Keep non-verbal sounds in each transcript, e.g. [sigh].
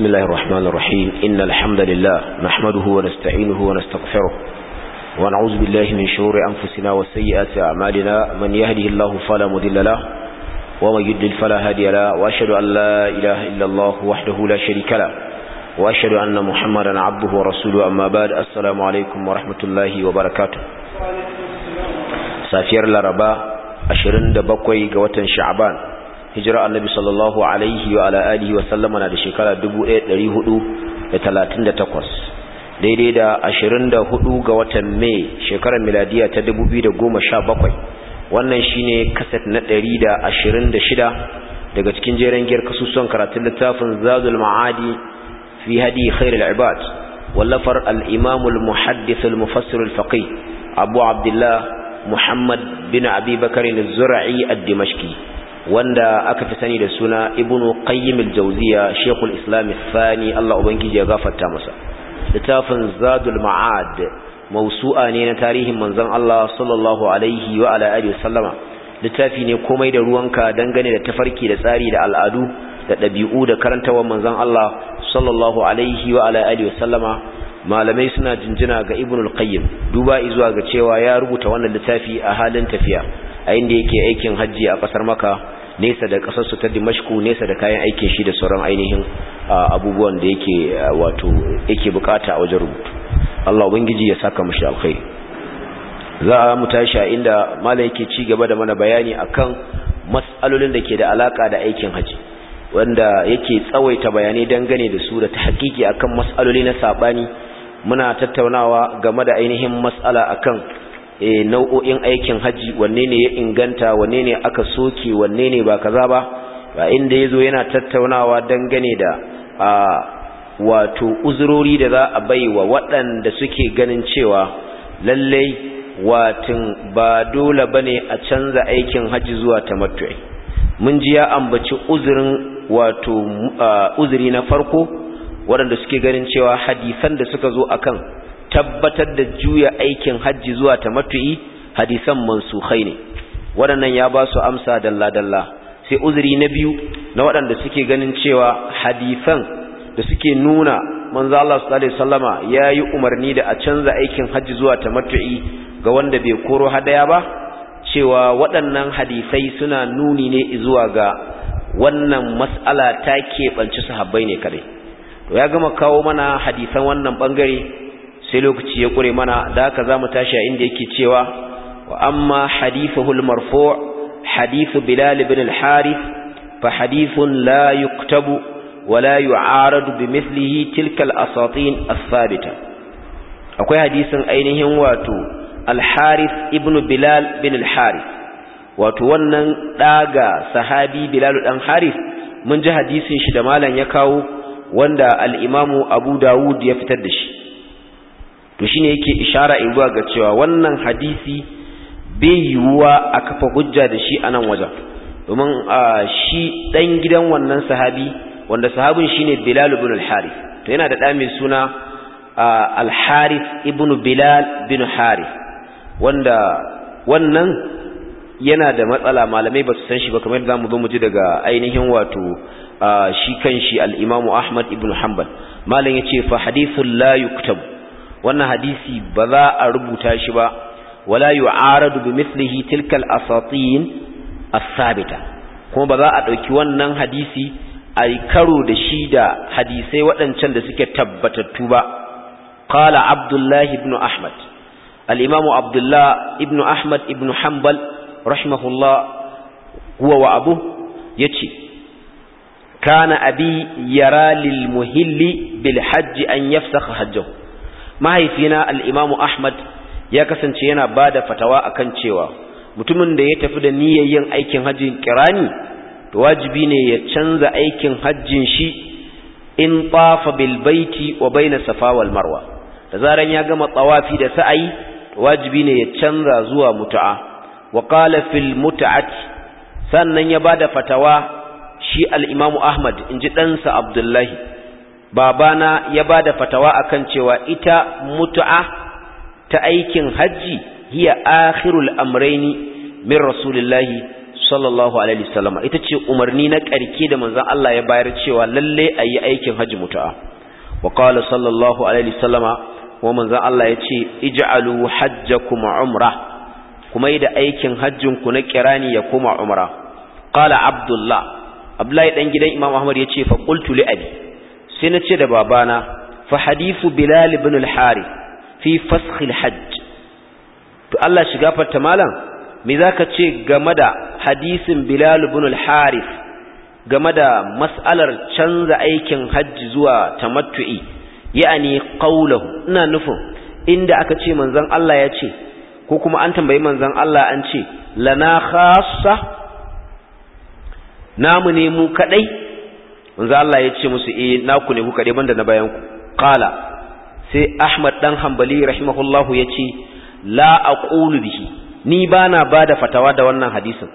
بسم الله الرحمن الرحيم إن الحمد لله نحمده ونستعينه ونستغفره ونعوذ بالله من شرور أنفسنا وسيئات أعمالنا من يهده الله فلا مذل له ومن يدل فلا هادي له وأشهد أن لا إله إلا الله وحده لا شريك له وأشهد أن محمدا عبده ورسوله أما بعد السلام عليكم ورحمة الله وبركاته سافير لربا أشرند بقوي قوة شعبان hijira annabi sallallahu alaihi wa ala alihi wa sallama na da shekara 1438 daidai da 24 ga watan Mai shekarar miladiya ta 2017 wannan shine kaset na 126 daga cikin jeren giyar kasusuwan karatun littafin zazul Ma'adi fi hadi khairul ibad wallafar al-Imam al mufassir al-Faqih Abu Abdullah Muhammad bin Abi Bakr az ad wanda aka fi sani da suna ibnu qayyim al-jawziya shaykhul islam thani Allah ubangiji ya gafarta masa littafin zadul ma'ad mawsu'a ne na tarihin manzon Allah sallallahu alaihi wa ala alihi sallama littafi ne komai da ruwanka dangane da tafarki da tsari da al'adu da dabi'u da karantawar manzon Allah sallallahu alaihi wa ala alihi sallama malamai suna jinjina ga ibnu al-qayyim duba izuwa ga cewa ya rubuta wannan littafi a halin tafiya a inda yake aikin hajji a kasar maka nesa da kasar su ta dimashku nesa da kayan aikin shi da sauran ainihin abubuwan da yake wato yake bukata a wajen rubutu Allah ubangiji ya saka mushi alkhairi za a mu tashi a inda malam yake ci gaba da mana bayani akan mas'alolin da ke da alaka da aikin haji wanda yake tsawaita bayanai dangane da su da ta hakiki akan mas'aloli na sabani muna tattaunawa game da ainihin mas'ala akan Eh, nau'o'in aikin haji wanne ne ya inganta wanne ne aka soke wanne ne ba kaza ba ba inda yazo yana tattaunawa gane da a wato uzurori da za a baiwa waɗanda suke ganin cewa lallai watin ba dole bane a canza aikin haji zuwa tamattu'i mun ji ya ambaci uzurin wato uzuri na farko waɗanda suke ganin cewa hadisan da suka zo akan tabbatar da juya aikin hajji zuwa ta tamattu'i hadisan mansukhai ne waɗannan ya ba su amsa dalla dalla sai uzuri na biyu na waɗanda suke ganin cewa hadisan da suke nuna manzo Allah sallallahu alaihi wasallama yayi umarni da a canza aikin hajji zuwa ta tamattu'i ga wanda bai koro hadaya ba cewa waɗannan hadisai suna nuni ne zuwa ga wannan mas'ala ta keɓanci sahabbai ne kadai to ya gama kawo mana hadisan wannan bangare sai lokaci ya kure mana da haka zamu tashi a inda yake cewa wa amma hadithuhu al-marfu' hadithu bilal ibn al-harith fa hadithun la yuktabu wa la yu'aradu bimithlihi tilka al-asatin as-sabita akwai hadisin ainihin wato al-harith ibn bilal bin al-harith wato wannan daga sahabi bilal dan harith mun ji hadisin shi da malam ya kawo wanda al-imamu abu dawud ya fitar da shi to shine yake ishara in zuwa ga cewa wannan hadisi bai yiwuwa a kafa hujja da shi a nan wajen domin shi ɗan gidan wannan sahabi wanda sahabin shine bilal ibn al-harith to yana da ɗa mai suna al-harith ibn bilal bin harith wanda wannan yana da matsala malamai ba su san shi ba kamar yadda zamu zo mu ji daga ainihin wato shi kanshi al-imamu ahmad ibn hanbal malam ya ce fa hadithul la yuktabu wannan hadisi ba za a rubuta shi ba wala yu'aradu bi mithlihi tilka al-asatin as-sabita kuma ba za a dauki wannan hadisi ai karo da shi da hadisai waɗancan da suke tabbatattu ba qala abdullahi ibn ahmad al-imam abdullah ibn ahmad ibn hanbal rahimahullah huwa wa abu yace kana abi yara lil muhilli bil hajj an yafsakha hajjahu mahaifina Alimamu ahmad ya kasance yana bada fatawa akan cewa mutumin da ya tafi da niyyar aikin hajjin kirani to wajibi ne ya canza aikin hajjin shi in tafa bilbaiti wa baina safa wal marwa da zaran ya gama tawafi da sa'ayi to wajibi ne ya canza zuwa mutu'a wa qala fil sannan ya ba da fatawa shi Alimamu Ahmad in ji ɗansa abdullahi babana ya ba da fatawa akan cewa ita mutu'a ta aikin hajji hiya akhirul amraini min rasulillahi sallallahu alaihi wasallam ita ce umarni na karke da manzon Allah ya bayar cewa lalle ayi aikin hajji mutu'a wa qala sallallahu alaihi wasallam wa manzon Allah ya ce ij'alu hajjakum umra kuma yi da aikin hajjin ku na kirani ya koma umra qala abdullah abdullahi dan gidan imam ahmad ya ce fa qultu li abi sai na ce da babana fa hadifu bilal ibn al-hari fi fasakh al-hajj to Allah shiga farta malam me zaka ce game da hadisin bilal ibn al game da mas'alar canza aikin hajji zuwa tamattu'i ya'ani qawluhu ina nufin inda aka ce manzon Allah ya ce ko kuma an tambayi manzon Allah an ce lana khassa namu ne mu kadai manzo Allah ya ce musu eh naku ne kuka dai da na bayan ku qala sai Ahmad dan hambali rahimahullahu yace la ƙulu bihi ni bana bada fatawa da wannan hadisin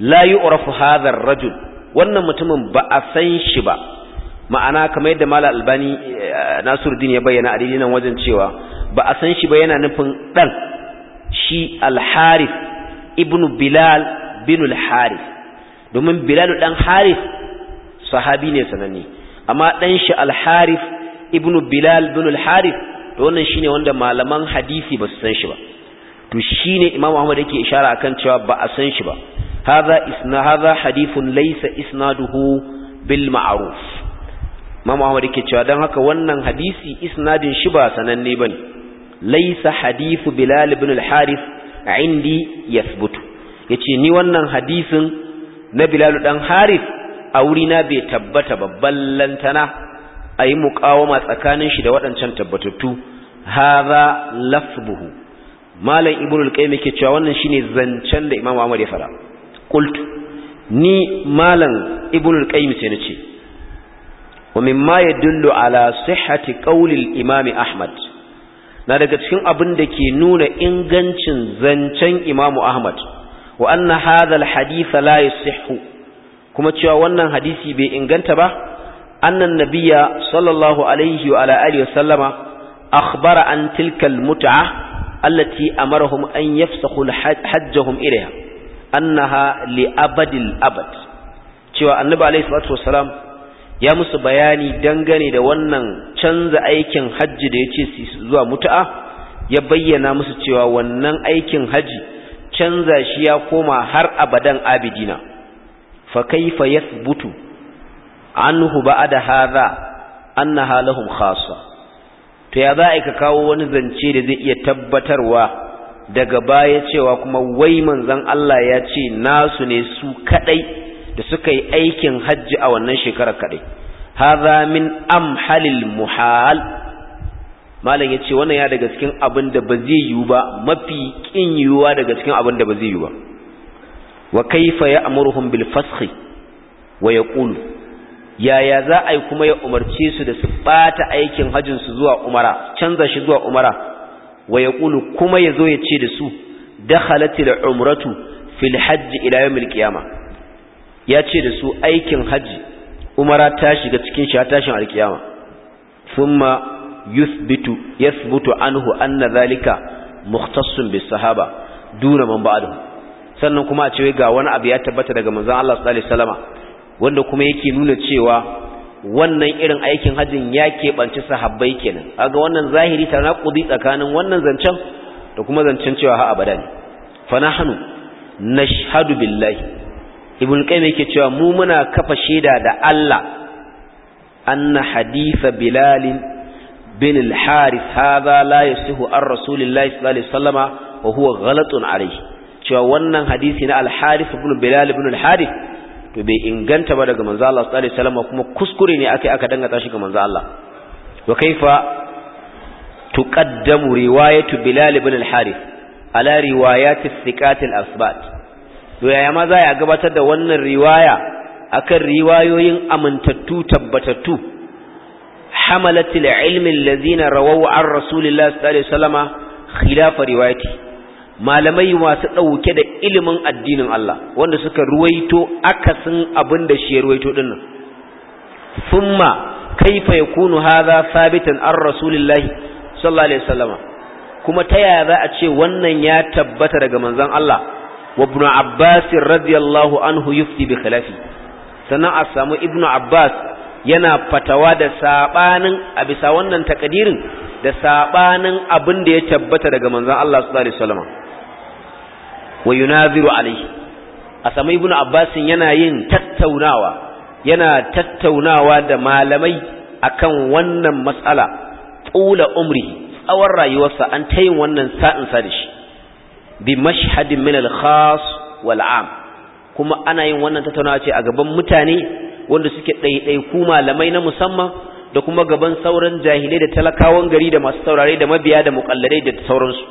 la yu'rafu hadha rajul wannan mutumin ba a san shi ba ma'ana kamar yadda Malam Albani eh, din ya bayyana a nan wajen cewa ba a san shi ba yana nufin dan shi alharif ibn Bilal bin al domin Bilal dan haris. sahabi ne sananne amma dan shi al ibn bilal ibn al-harith to wannan shine wanda malaman hadisi ba su san shi ba to shine imam ahmad yake ishara akan cewa ba a san shi ba hadha isna hadha hadithun laysa isnaduhu bil ma'ruf imam ahmad yake cewa dan haka wannan hadisi isnadin shi ba sananne bane laysa hadithu bilal ibn al-harith indi yathbutu yace ni wannan hadisin na bilal dan harith a wurina bai tabbata babban lantana a yi muƙawama tsakanin shi da waɗancan tabbatattu haza lafbuhu malam ibn al-qayyim yake cewa wannan shine zancen da imamu ahmad ya fara qultu ni malam ibn al-qayyim sai nace wa mimma yadullu ala sihhati qawli al-imam ahmad na daga cikin abin da ke nuna ingancin zancen imamu ahmad wa anna hadha al-hadith la yasihhu kuma cewa wannan hadisi bai inganta ba annan Nabiya sallallahu alaihi wa ala alihi wasallama akhbara an tilka almut'a allati amarahum an yafsahu hajjahum ilayha annaha li abadil abad cewa annabi alaihi salatu wasalam ya musu bayani dangane da wannan canza aikin hajji da yace zuwa mut'a ya bayyana musu cewa wannan aikin hajji canza shi ya koma har abadan abidina fa يثبت عنه بعد هذا hadha annaha خاصة to ya a ka kawo wani zance da zai iya tabbatarwa daga baya cewa kuma wai manzon Allah ya ce nasu ne su kadai da suka yi aikin hajji a wannan shekarar kadai hadha min amhalil muhal malam yace wannan ya daga cikin abin da ba zai yiwu ba mafi kin yiwuwa daga cikin abin da ba zai yiwu ba wa kaifa amurhum bil fasxi wa yaqulu yaya za a yi kuma ya umarce su da su bata aikin hajjin su zuwa umara canza shi zuwa umara wa yaqulu kuma yazo ya ce da su dakhalatil umratu fil hajj ila yawmil qiyamah ya ce da su aikin hajji umara ta shiga cikin shi tashin alkiyama thumma yuthbitu yathbutu anhu anna dhalika muhtassun bis sahaba duna man ba'dahu sannan kuma a cewa ga wani abu ya tabbata daga manzon Allah sallallahu alaihi wasallama wanda kuma yake nuna cewa wannan irin aikin hajjin ya keɓanci sahabbai kenan kaga wannan zahiri kudi tsakanin wannan zancen da kuma zancen cewa ha abada ne fa nahnu nashhadu billahi ibn qayyim yake cewa mu muna kafa shaida da Allah anna hadisa bilal bin al-harith hadha la yasihu ar rasulillahi sallallahu alaihi wa huwa ghalatun alayhi cewa wannan hadisi na al-harith ibn bilal ibn al-harith to bai inganta ba daga manzo Allah sallallahu alaihi wasallam kuma kuskure ne akai aka danga shi ga manzo Allah wa kaifa tuqaddamu riwayatu bilal ibn al-harith ala riwayat as-siqat al-asbat to yaya ma za ya gabatar da wannan riwaya akan riwayoyin amintattu tabbatattu hamalatul ilmi allazina rawahu an rasulillahi sallallahu alaihi wasallam khilafa riwayati malamai masu ɗauke da ilimin addinin Allah wanda suka ruwaito akasin abin da shi ya ruwaito ɗin nan thumma kaifa yakunu hadha an rasulillahi sallallahu alaihi wasallama kuma ta yaya za a ce wannan ya tabbata daga manzon Allah wa ibn Abbas radiyallahu anhu yufti bi khilafi sannan a samu ibn Abbas yana fatawa da sabanin a bisa wannan takadirin da sabanin abin da ya tabbata daga manzon Allah sallallahu alaihi wasallama wa yunaziru alayhi a sami ibnu abbas yana yin tattaunawa yana tattaunawa da malamai akan wannan matsala tula umri tsawon rayuwarsa an ta yin wannan sa'in sa da shi bi mashhadin min al-khas wal am kuma ana yin wannan tattaunawa ce a gaban mutane wanda suke ɗaiɗaiku malamai na musamman da kuma gaban sauran jahilai da talakawan gari da masu saurare da mabiya da muƙallarai da sauransu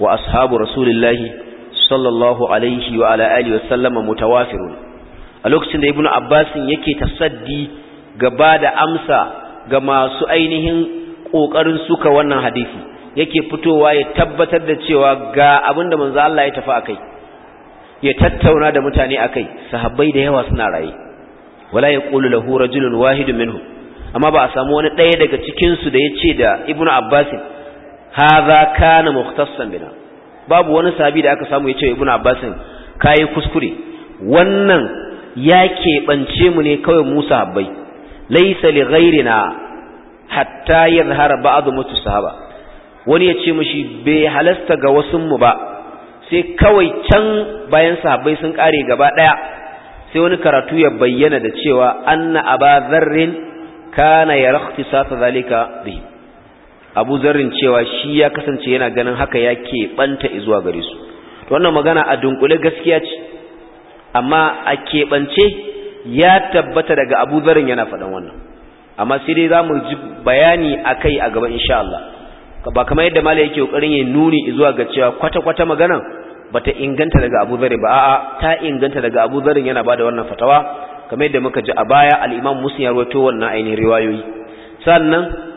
wa ashabu rasulillahi sallallahu alaihi wa ala alihi wa sallama mutawafirun a lokacin da ibn abbas yake tasaddi gaba da amsa ga masu ainihin kokarin suka wannan hadisi yake fitowa ya tabbatar da cewa ga abinda manzo Allah ya tafi akai ya tattauna da mutane akai sahabbai da yawa suna raye wala yaqulu lahu rajulun wahidun minhum amma ba a samu wani ɗaya daga cikin su da yace da ibnu abbas hadha kana mukhtassan bina babu wani sahabi da aka samu ya ce ibnu abbasin kayi kuskure wannan ya bance mu ne kawai mu bai laisa li ghairina hatta yadhhara ba'du mutu sahaba wani ya ce mishi bai halasta ga wasun mu ba sai kawai can bayan sahabbai sun kare gaba daya sai wani karatu ya bayyana da cewa anna aba dharrin kana yara zalika bihi abu zarrin cewa shi ya kasance yana ganin haka ya banta izuwa gare su wannan magana a dunkule gaskiya ce amma a keɓance ya tabbata daga abu zarrin yana faɗan wannan amma sai dai za mu ji bayani a kai a gaba insha Allah ba kamar yadda mala yake ƙoƙarin ya nuni izuwa ga cewa kwata-kwata magana ba ta inganta daga abu zarrin ba a'a ta inganta daga abu zarrin yana ba da wannan fatawa kamar yadda muka ji a baya al'imam musulun ya rawato wannan ainihin riwayoyi sannan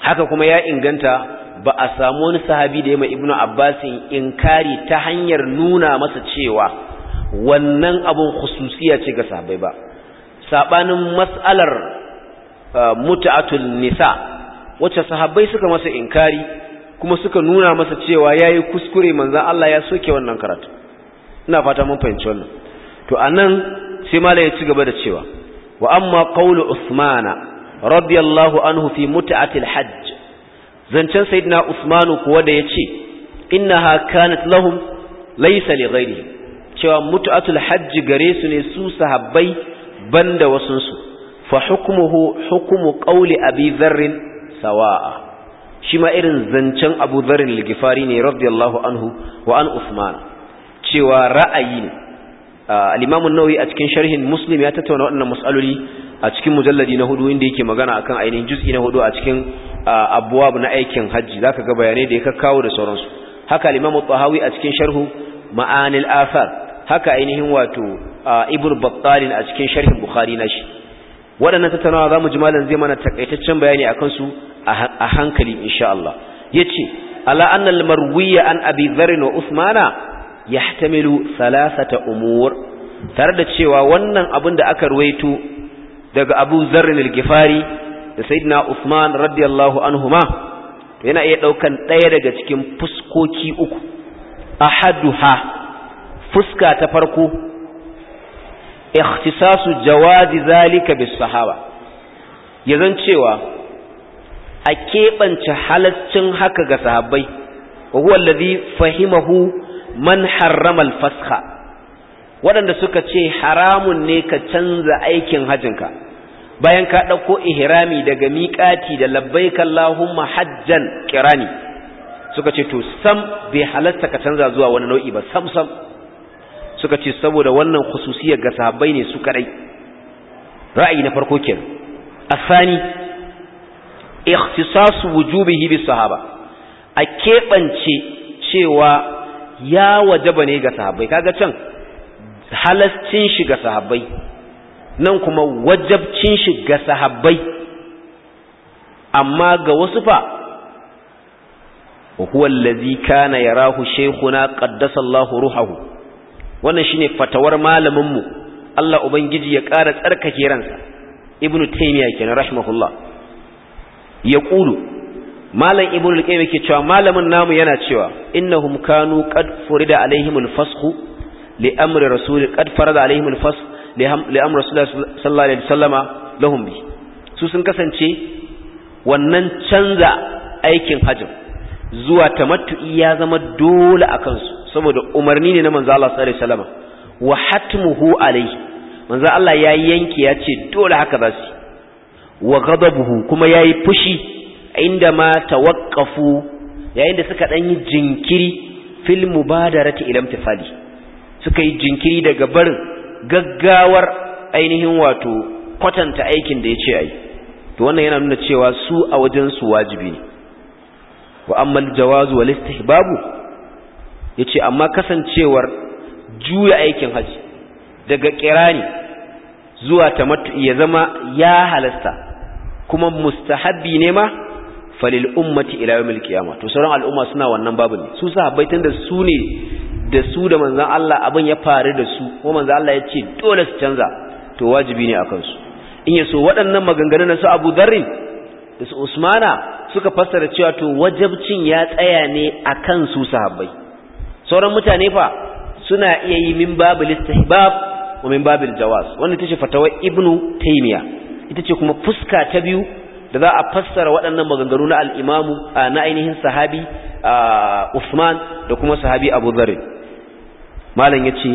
haka kuma ya inganta ba a samu wani sahabi da ya mai ibnu abbasin inkari ta hanyar nuna masa cewa wannan abun khususiya ce ga sahabbai ba sabanin mas'alar uh, mut'atul nisa wacce sahabbai suka masa inkari kuma suka nuna masa cewa yayi kuskure manzan Allah ya soke wannan karatu ina fata mun fahimci wannan to anan sai malai ya ci gaba da cewa wa amma qawlu usmana radiyallahu anhu fi mut'atil hajj zancen sayyidina Usman kuwa da yace innaha kanat lahum laysa li cewa mut'atul hajj gare su ne su sahabbai banda wasunsu fa hukmuhu hukmu qawli abi dharr sawa'a shi ma irin zancen abu dharr al-ghifari ne radiyallahu anhu wa an usman cewa ra'ayi ne al-imam an-nawawi a cikin sharhin muslim ya tattauna wannan mas'aloli a cikin mujalladi na hudu inda yake magana akan ainihin juz'i na hudu a cikin abuwab na aikin hajji zaka ga bayanai da ya kawo da sauransu haka al-imam tahawi a cikin sharhu ma'anil afar. haka ainihin wato ibn battal a cikin sharhin bukhari nashi waɗannan tattaunawa zamu ji malam zai mana takaitaccen bayani akan su a hankali insha Allah yace ala anna al-marwiya an abi dharr wa usmana yahtamilu thalathata umur tare da cewa wannan abin da aka ruwaito daga Abu zarrin al da Sayyidina Usman radiyallahu anhuma yana iya daukan ɗaya daga cikin fuskoki uku ahaduha fuska ta farko ikhtisasu jawazi zalika bis sahaba yazan cewa a keɓance halaccin haka ga sahabbai wa huwa alladhi fahimahu man harrama al-fasakha waɗanda suka ce haramun ne ka canza aikin hajjinka bayan ka ɗauko ihrami daga miƙati da labbaika Allahumma hajjan kirani suka ce to sam bai halatta ka canza zuwa wani nau'i ba sam sam suka ce saboda wannan khususiyar ga sahabbai ne su kadai ra'ayi na farko kenan asani ikhtisasu wujubihi bis sahaba a keɓance cewa ya wajaba ne ga sahabbai kaga can halascin shi ga sahabbai nan kuma wajabcin shi ga sahabbai amma ga wasu fa huwa allazi kana yarahu shaykhuna qaddasallahu ruhahu wannan shine fatawar malamin mu Allah ubangiji ya ƙara tsarkake ransa ibnu taymiya kenan rahimahullah ya kulu malam ibnu al-qayyim yake cewa malamin namu yana cewa innahum kanu qad furida alaihimul fasxu li amri rasul qad farada alaihim al-fas li amri rasul sallallahu alaihi wasallama lahum bi su sun kasance wannan canza aikin hajjin zuwa tamattu'i ya zama dole a kansu saboda umarni ne na manzo Allah sallallahu alaihi wasallama wa hatmuhu alaihi manzo Allah ya yanke ya ce dole haka za su wa ghadabuhu kuma yayi fushi inda ma tawaqqafu yayin da suka dan yi jinkiri fil mubadarati ila imtifali suka yi jinkiri daga barin gaggawar ainihin wato kwatanta aikin da ya ce ai to wannan yana nuna cewa su a wajen su wajibi ne wa amma jawazu wal istihbabu yace amma kasancewar juya aikin hajji daga kirani zuwa tamattu ya zama ya halasta kuma mustahabbi ne ma falil ummati ila yawmil qiyamah to sauran al'umma suna wannan babu ne su sahabbai tunda su ne da su da manzan Allah abin ya faru da su ko manzan Allah ya ce dole su canza to wajibi ne a kansu in yaso waɗannan maganganun na su Abu Dharr da su Usmana suka fassara cewa to wajabcin ya tsaya ne a kan su sahabbai sauran mutane fa suna iya yi min babil istihbab wa min babil jawaz wannan tace fatawar Ibnu Taymiya ita ce kuma fuska ta biyu da za a fassara waɗannan maganganu na al'imamu na ainihin sahabi Uthman da kuma sahabi Abu Dharr malam yace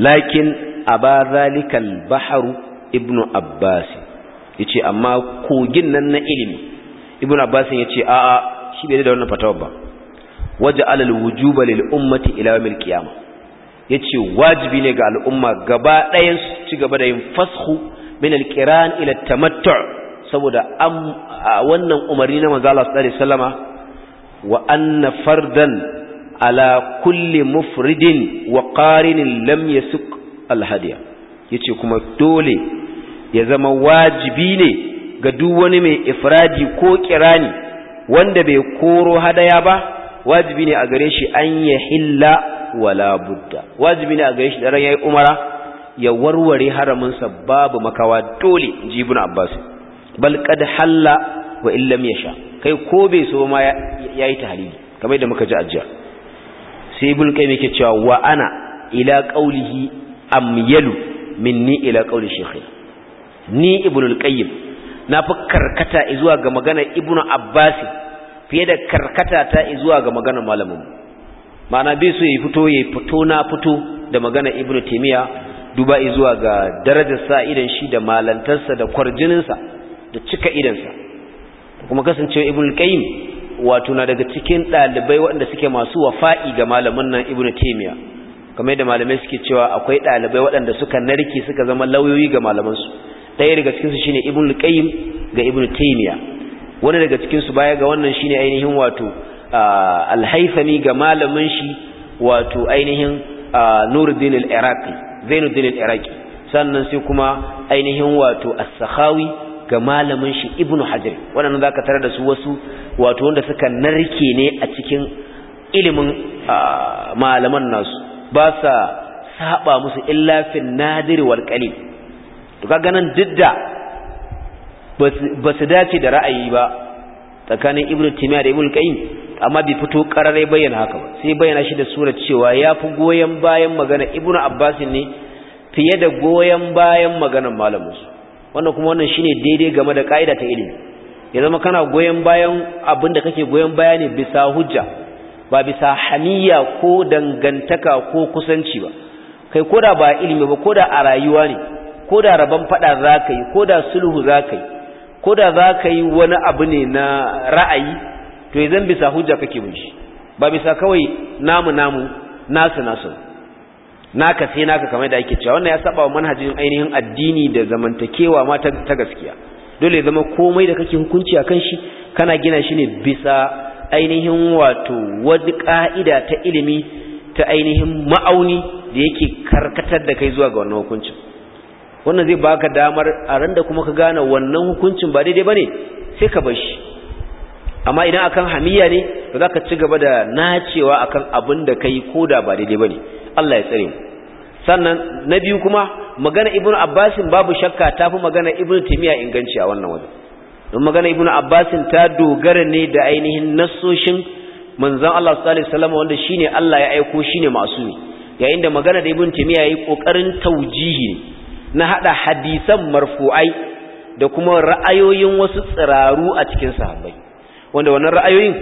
lakin ba zalikal baharu ibnu abbas ce, amma kogin nan na ilimi ibnu abbas yace ce, a'a, shi bai da wannan fatawa ba waje alal wujuba lil ummati ila yawmil qiyama yace wajibi ne ga al'umma gaba ɗaya su ci gaba da yin fashu min al ila tamattu saboda wannan umarni na manzo Allah sallallahu alaihi wasallama wa anna fardan ala kulli mufridin wa qarinin lam yasuk alhadiya yace kuma dole ya zama wajibi ne ga duk wani mai ifradi ko kirani wanda bai koro hadaya ba wajibi ne a gare shi an ya hilla wala budda wajibi ne a gare shi daren yayi umara ya warware haramin sa babu makawa dole ji ibn abbas bal qad halla wa illam yasha kai ko bai so ma yayi tahlili kamar da muka ji ajiya sai bulkai qayyim yake cewa wa ana ila qawlihi amyalu minni ila qawli shaykhi ni ibnul qayyim na fi karkata zuwa ga magana ibnu abbas fiye da karkata ta zuwa ga magana malamin ma'ana bai so ya fito ya fito na fito da magana ibnu taymiya duba zuwa ga darajar sa idan shi da malantarsa da kwarjininsa da cika idansa kuma kasancewa ibnul qayyim wato na daga cikin ɗalibai waɗanda suke masu wafa'i ga malamin nan ibnu taymiya kamar yadda malamai suke cewa akwai ɗalibai waɗanda suka narke suka zama lauyoyi ga malamansu ɗaya daga cikin su shine ibnu qayyim ga ibnu taymiya wani daga cikin su baya ga wannan shine ainihin wato al-haythami ga malamin shi wato ainihin nuruddin al-iraqi zainuddin al-iraqi sannan sai kuma ainihin wato as-sakhawi ga malamin shi ibnu hajar waɗannan za ka tare da su wasu wato wanda suka narke ne a cikin ilimin malaman nasu ba sa saba musu illafin fin nadiri wal qalil to kaga nan didda ba su dace da ra'ayi ba tsakanin ibnu timiya da ibnu qayyim amma bai fito qarare bayyana haka ba sai bayyana shi da sura cewa ya fi goyen bayan magana ibnu abbasin ne fiye da goyen bayan maganar malaminsu wannan kuma wannan shine daidai game da kaida ta ilimi ya zama kana goyen bayan abin da kake goyen baya ne bisa hujja ba bisa hamiya ko dangantaka ko kusanci ba kai koda ba ilimi ba koda a rayuwa ne koda rabon fada zaka yi koda sulhu zaka yi koda zaka yi wani abu ne na ra'ayi to yanzu bisa hujja kake bin shi ba bisa kawai namu namu nasu nasu naka sai naka kamar da ake cewa wannan ya saba wa manhajin ainihin addini da zamantakewa ma ta gaskiya dole ya zama komai da kake hukunci a kan shi kana gina shi ne bisa ainihin wato wani ka'ida ta ilimi ta ainihin ma'auni da yake karkatar da kai zuwa ga wannan hukuncin wannan zai baka damar a ran da kuma ka gane wannan hukuncin ba daidai bane sai ka bar amma idan akan hamiya ne ba za ka ci gaba da nacewa akan abin da kai ko da ba daidai bane Allah ya tsare mu sannan na biyu kuma magana ibn abbasin babu shakka ta fi magana ibn timiya inganci a wannan wajen don magana ibn abbasin ta dogara ne da ainihin nasoshin manzon Allah sallallahu alaihi wasallam wanda shine Allah ya aiko shine masumi yayin da magana da ibn timiya yayi kokarin taujihi na hada hadisan marfu'ai da kuma ra'ayoyin wasu tsiraru a cikin sahabbai wanda wannan ra'ayoyin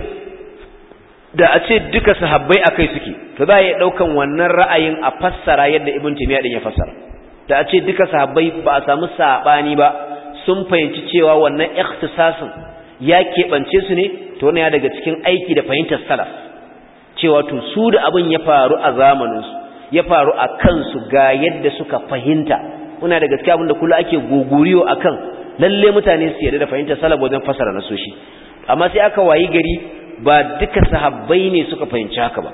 da a ce duka sahabbai akai suke to za a iya ɗaukan wannan ra'ayin a fassara yadda ibn timiya ɗin ya fassara da a ce duka sahabbai ba a samu saɓani ba sun fahimci cewa wannan ikhtisasin ya keɓance su ne to wannan ya daga cikin aiki da fahimtar salaf cewa to su da abin ya faru a zamanin su, ya faru a kansu ga yadda suka fahimta muna da gaskiya abin da kula ake goguriyo akan lalle mutane su yarda da fahimtar salaf wajen fassara nasoshi amma sai aka wayi gari ba duka sahabbai ne suka fahimci haka ba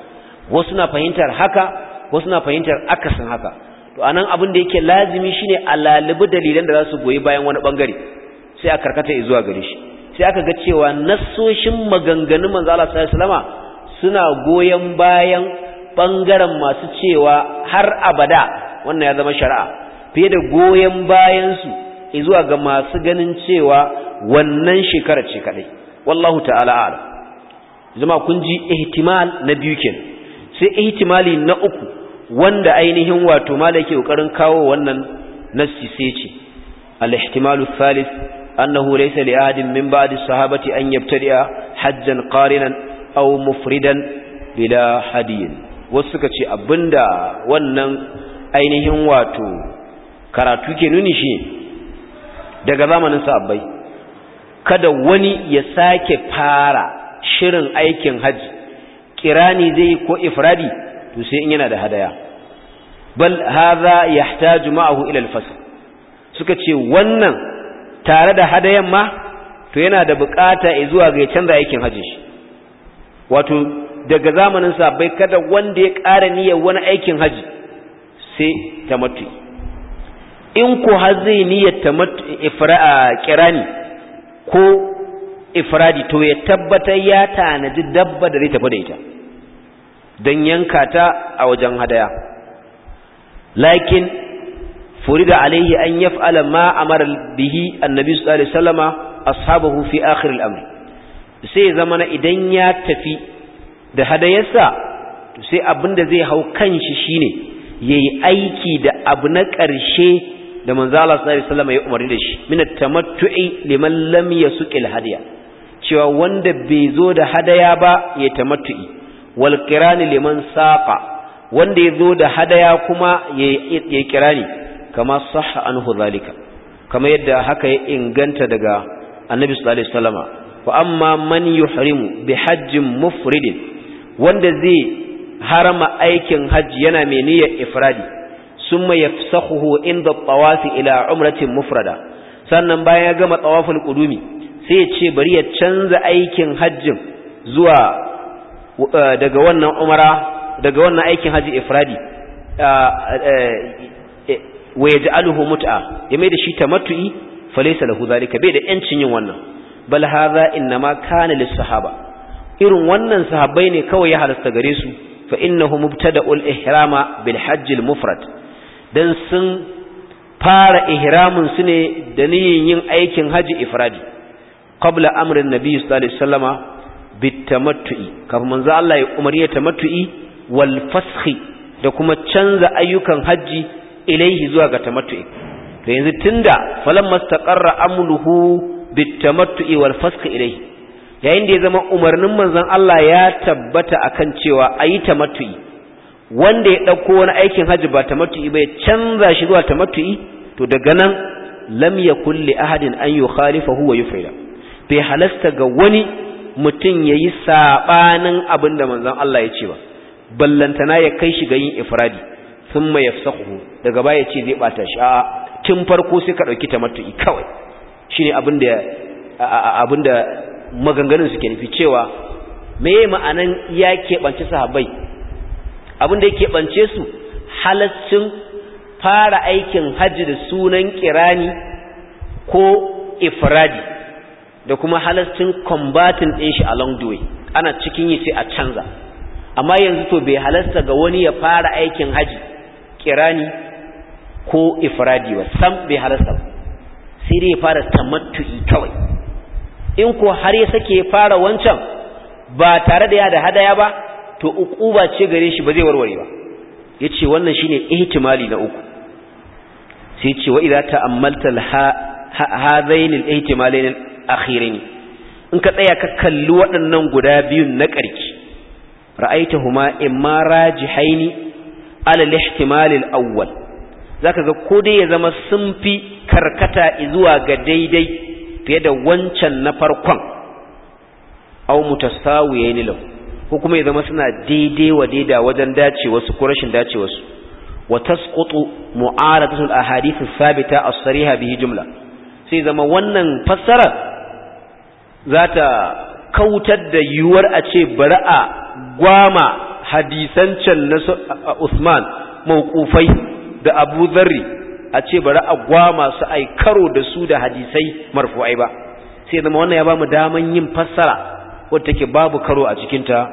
wasu na fahimtar haka wasu na fahimtar akasin haka to anan abin da yake lazimi shine a dalilan da za su goyi bayan wani bangare sai a karkata zuwa gare shi sai aka ga cewa nassoshin maganganun manzo Allah sallallahu alaihi wasallama suna goyen bayan bangaren masu cewa har abada wannan ya zama shari'a fiye da goyen bayan su zuwa ga masu ganin cewa wannan shekara ce kadai wallahu ta'ala a'lam zama kun ji ihtimal na biyu kenan sai ihtimali na uku wanda ainihin wato malai ke kokarin kawo wannan nassi sai ce al-ihtimalu thalith annahu laysa li ahadin min ba'di sahabati an yabtadi'a hajjan qarinan aw mufridan bila hadiyin wasu suka ce abinda wannan ainihin wato karatu ke nuni shi daga zamanin sahabbai kada wani ya sake fara shirin aikin hajji kirani zai yi ko ifradi to sai in yana da hadaya bal hadha yahtaju ma'ahu ila al-fasl suka ce wannan tare da hadayan ma to yana da bukata zuwa ga canza aikin hajji wato daga zamanin sa bai kada wanda ya ƙara niyyar wani aikin hajji sai tamattu in ko har zai niyyar tamattu ifra'a kirani ko ifradi to ya tabbatar ya tanaji dabba da zai tafi da ita don yanka ta a wajen hadaya lakin furida alaihi an yaf'ala ma amara bihi annabi sallallahu alaihi wasallama ashabahu fi akhir al-amr sai zama na idan ya tafi da hadayarsa to sai abinda zai hau kanshi shine yayi aiki da abu na ƙarshe da manzo Allah sallallahu alaihi wasallama ya umarni da shi min at-tamattu'i liman lam yasqil hadiya cewa wanda bai zo da hadaya ba ya tamattu'i wal kirani liman saqa wanda ya zo da hadaya kuma ya kirani kama sahha anhu zalika kama yadda haka ya inganta daga annabi sallallahu alaihi wasallama wa amma man yuhrimu bi hajjin mufridin wanda zai harama aikin hajji yana mai niyyar ifradi summa yafsakhuhu inda tawafi ila umratin mufrada sannan bayan ya gama tawaful qudumi sai ya ce bari ya canza aikin hajjin zuwa uh, daga wannan umara daga wannan aikin hajji ifradi uh, uh, wa yaj'aluhu mut'a ya mai da shi tamattu'i falaysa lahu zalika bai da yancin yin wannan bal hadha ma kana lis sahaba irin wannan sahabai ne kawai ya halasta gare su fa innahu mubtada'ul ihrama bil hajj al mufrad dan sun fara ihramin su ne da niyyin yin aikin haji ifradi qabla amrin nabi sallallahu alaihi wasallama bitamattu'i kafin manzo Allah ya umarni tamattu'i wal da kuma canza ayyukan hajji ilaihi zuwa ga tamattu'i to yanzu tunda falan staqarra amluhu bitamattu'i wal fashi ilaihi yayin da ya zama umarnin manzon Allah ya tabbata akan cewa ayi tamattu'i wanda ya dauko wani aikin hajji ba tamattu'i ba ya canza shi zuwa tamattu'i to daga nan lam yakul li ahadin an yukhalifahu wa yufida bai halasta ga wani mutum ya yi saɓanin abin da manzan Allah ya ce ba ballantana ya kai shi ga yin ifradi sun mai yafsahu daga baya ce zai ɓata shi a tun farko sai ka ɗauki ta matu'i kawai shi ne abin da maganganun suke nufi cewa me ma'anan ya keɓance sahabbai abin da ya keɓance su halaccin fara aikin hajji da sunan kirani ko ifradi da kuma halastin combatin din shi along the way ana cikin yi sai a canza amma yanzu to bai halasta ga wani ya fara aikin haji kirani ko ifradi ba sam bai halasta ba sai dai ya fara tamattu'i kawai in ko har ya sake ya fara wancan ba tare da ya da hadaya ba to ukuba ce gare shi ba zai warware ba yace wannan shine ihtimali na uku sai ce wa idza ta'ammalta hadhain al-ihtimalain akhiraini in ka tsaya ka kalli waɗannan guda biyun na ƙarki huma imma rajihaini ala al-ihtimal al-awwal zaka ga ko dai ya zama sun fi karkata zuwa ga daidai fiye da wancan na farkon aw mutasawiyaini lahu ko kuma ya zama suna daidai wa daida wajen su ko rashin su. wa tasqutu al ahadith as-sabita as-sariha bihi jumla sai zama wannan fassara za ta kautar da yiwuwar a ce bari a gwama hadisan can na Usman mawkufai da Abu Dharri a ce bari a gwama su ai karo da su da hadisai marfu'ai ba sai zama wannan ya bamu daman yin fassara wadda take babu karo a cikin ta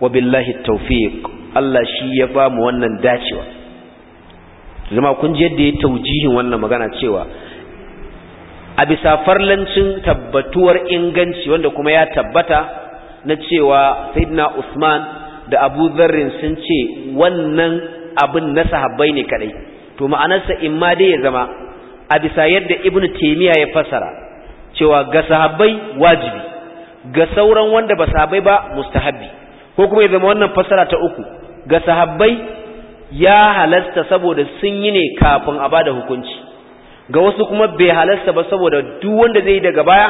wa billahi tawfiq Allah shi ya bamu wannan dacewa zama kun ji yadda ya taujihin wannan magana cewa a bisa farlancin tabbatuwar inganci wanda kuma ya tabbata na cewa sayyidina Usman da Abu Dharrin sun ce wannan abin na sahabbai ne kadai to ma'anarsa in ma dai ya zama a bisa yadda Ibn Taymiya ya fasara cewa ga sahabbai wajibi ga sauran wanda ba sahabbai ba mustahabbi ko kuma ya zama wannan fasara ta uku ga sahabbai ya halasta saboda sun yi ne kafin a bada hukunci ga wasu kuma bai halasta ba saboda duk wanda zai daga baya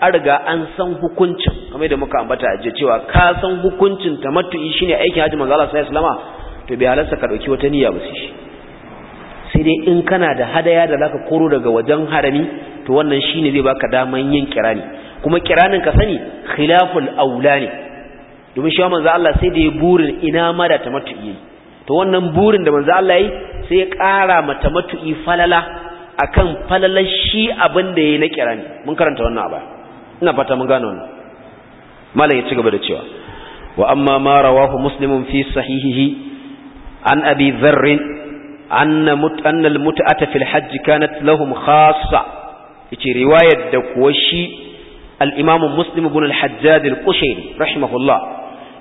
an riga an san hukuncin kamar da muka ambata ajiye cewa ka san hukuncin ta shine aikin hajji manzo Allah sallallahu alaihi wasallam to bai halasta ka dauki wata niyya ba shi sai dai in kana da hadaya da zaka koro daga wajen harami to wannan shine zai baka daman yin kirani kuma kiranin ka sani khilaful aula ne domin shi manzo Allah sai da ya burin ina ma da tamattu'i to wannan burin da manzo Allah yi sai ya kara ma matu'i falala akan falalan shi abin da yayi na kirani mun karanta wannan a baya ina fata mun gano wannan malam ya ci gaba da cewa wa amma ma rawahu muslimun fi sahihihi an abi dharr anna mut anna al mut'ata fil hajj kanat lahum khassa yace riwayar da kuwa shi al imam muslim ibn al hajjaj al qushayri rahimahullah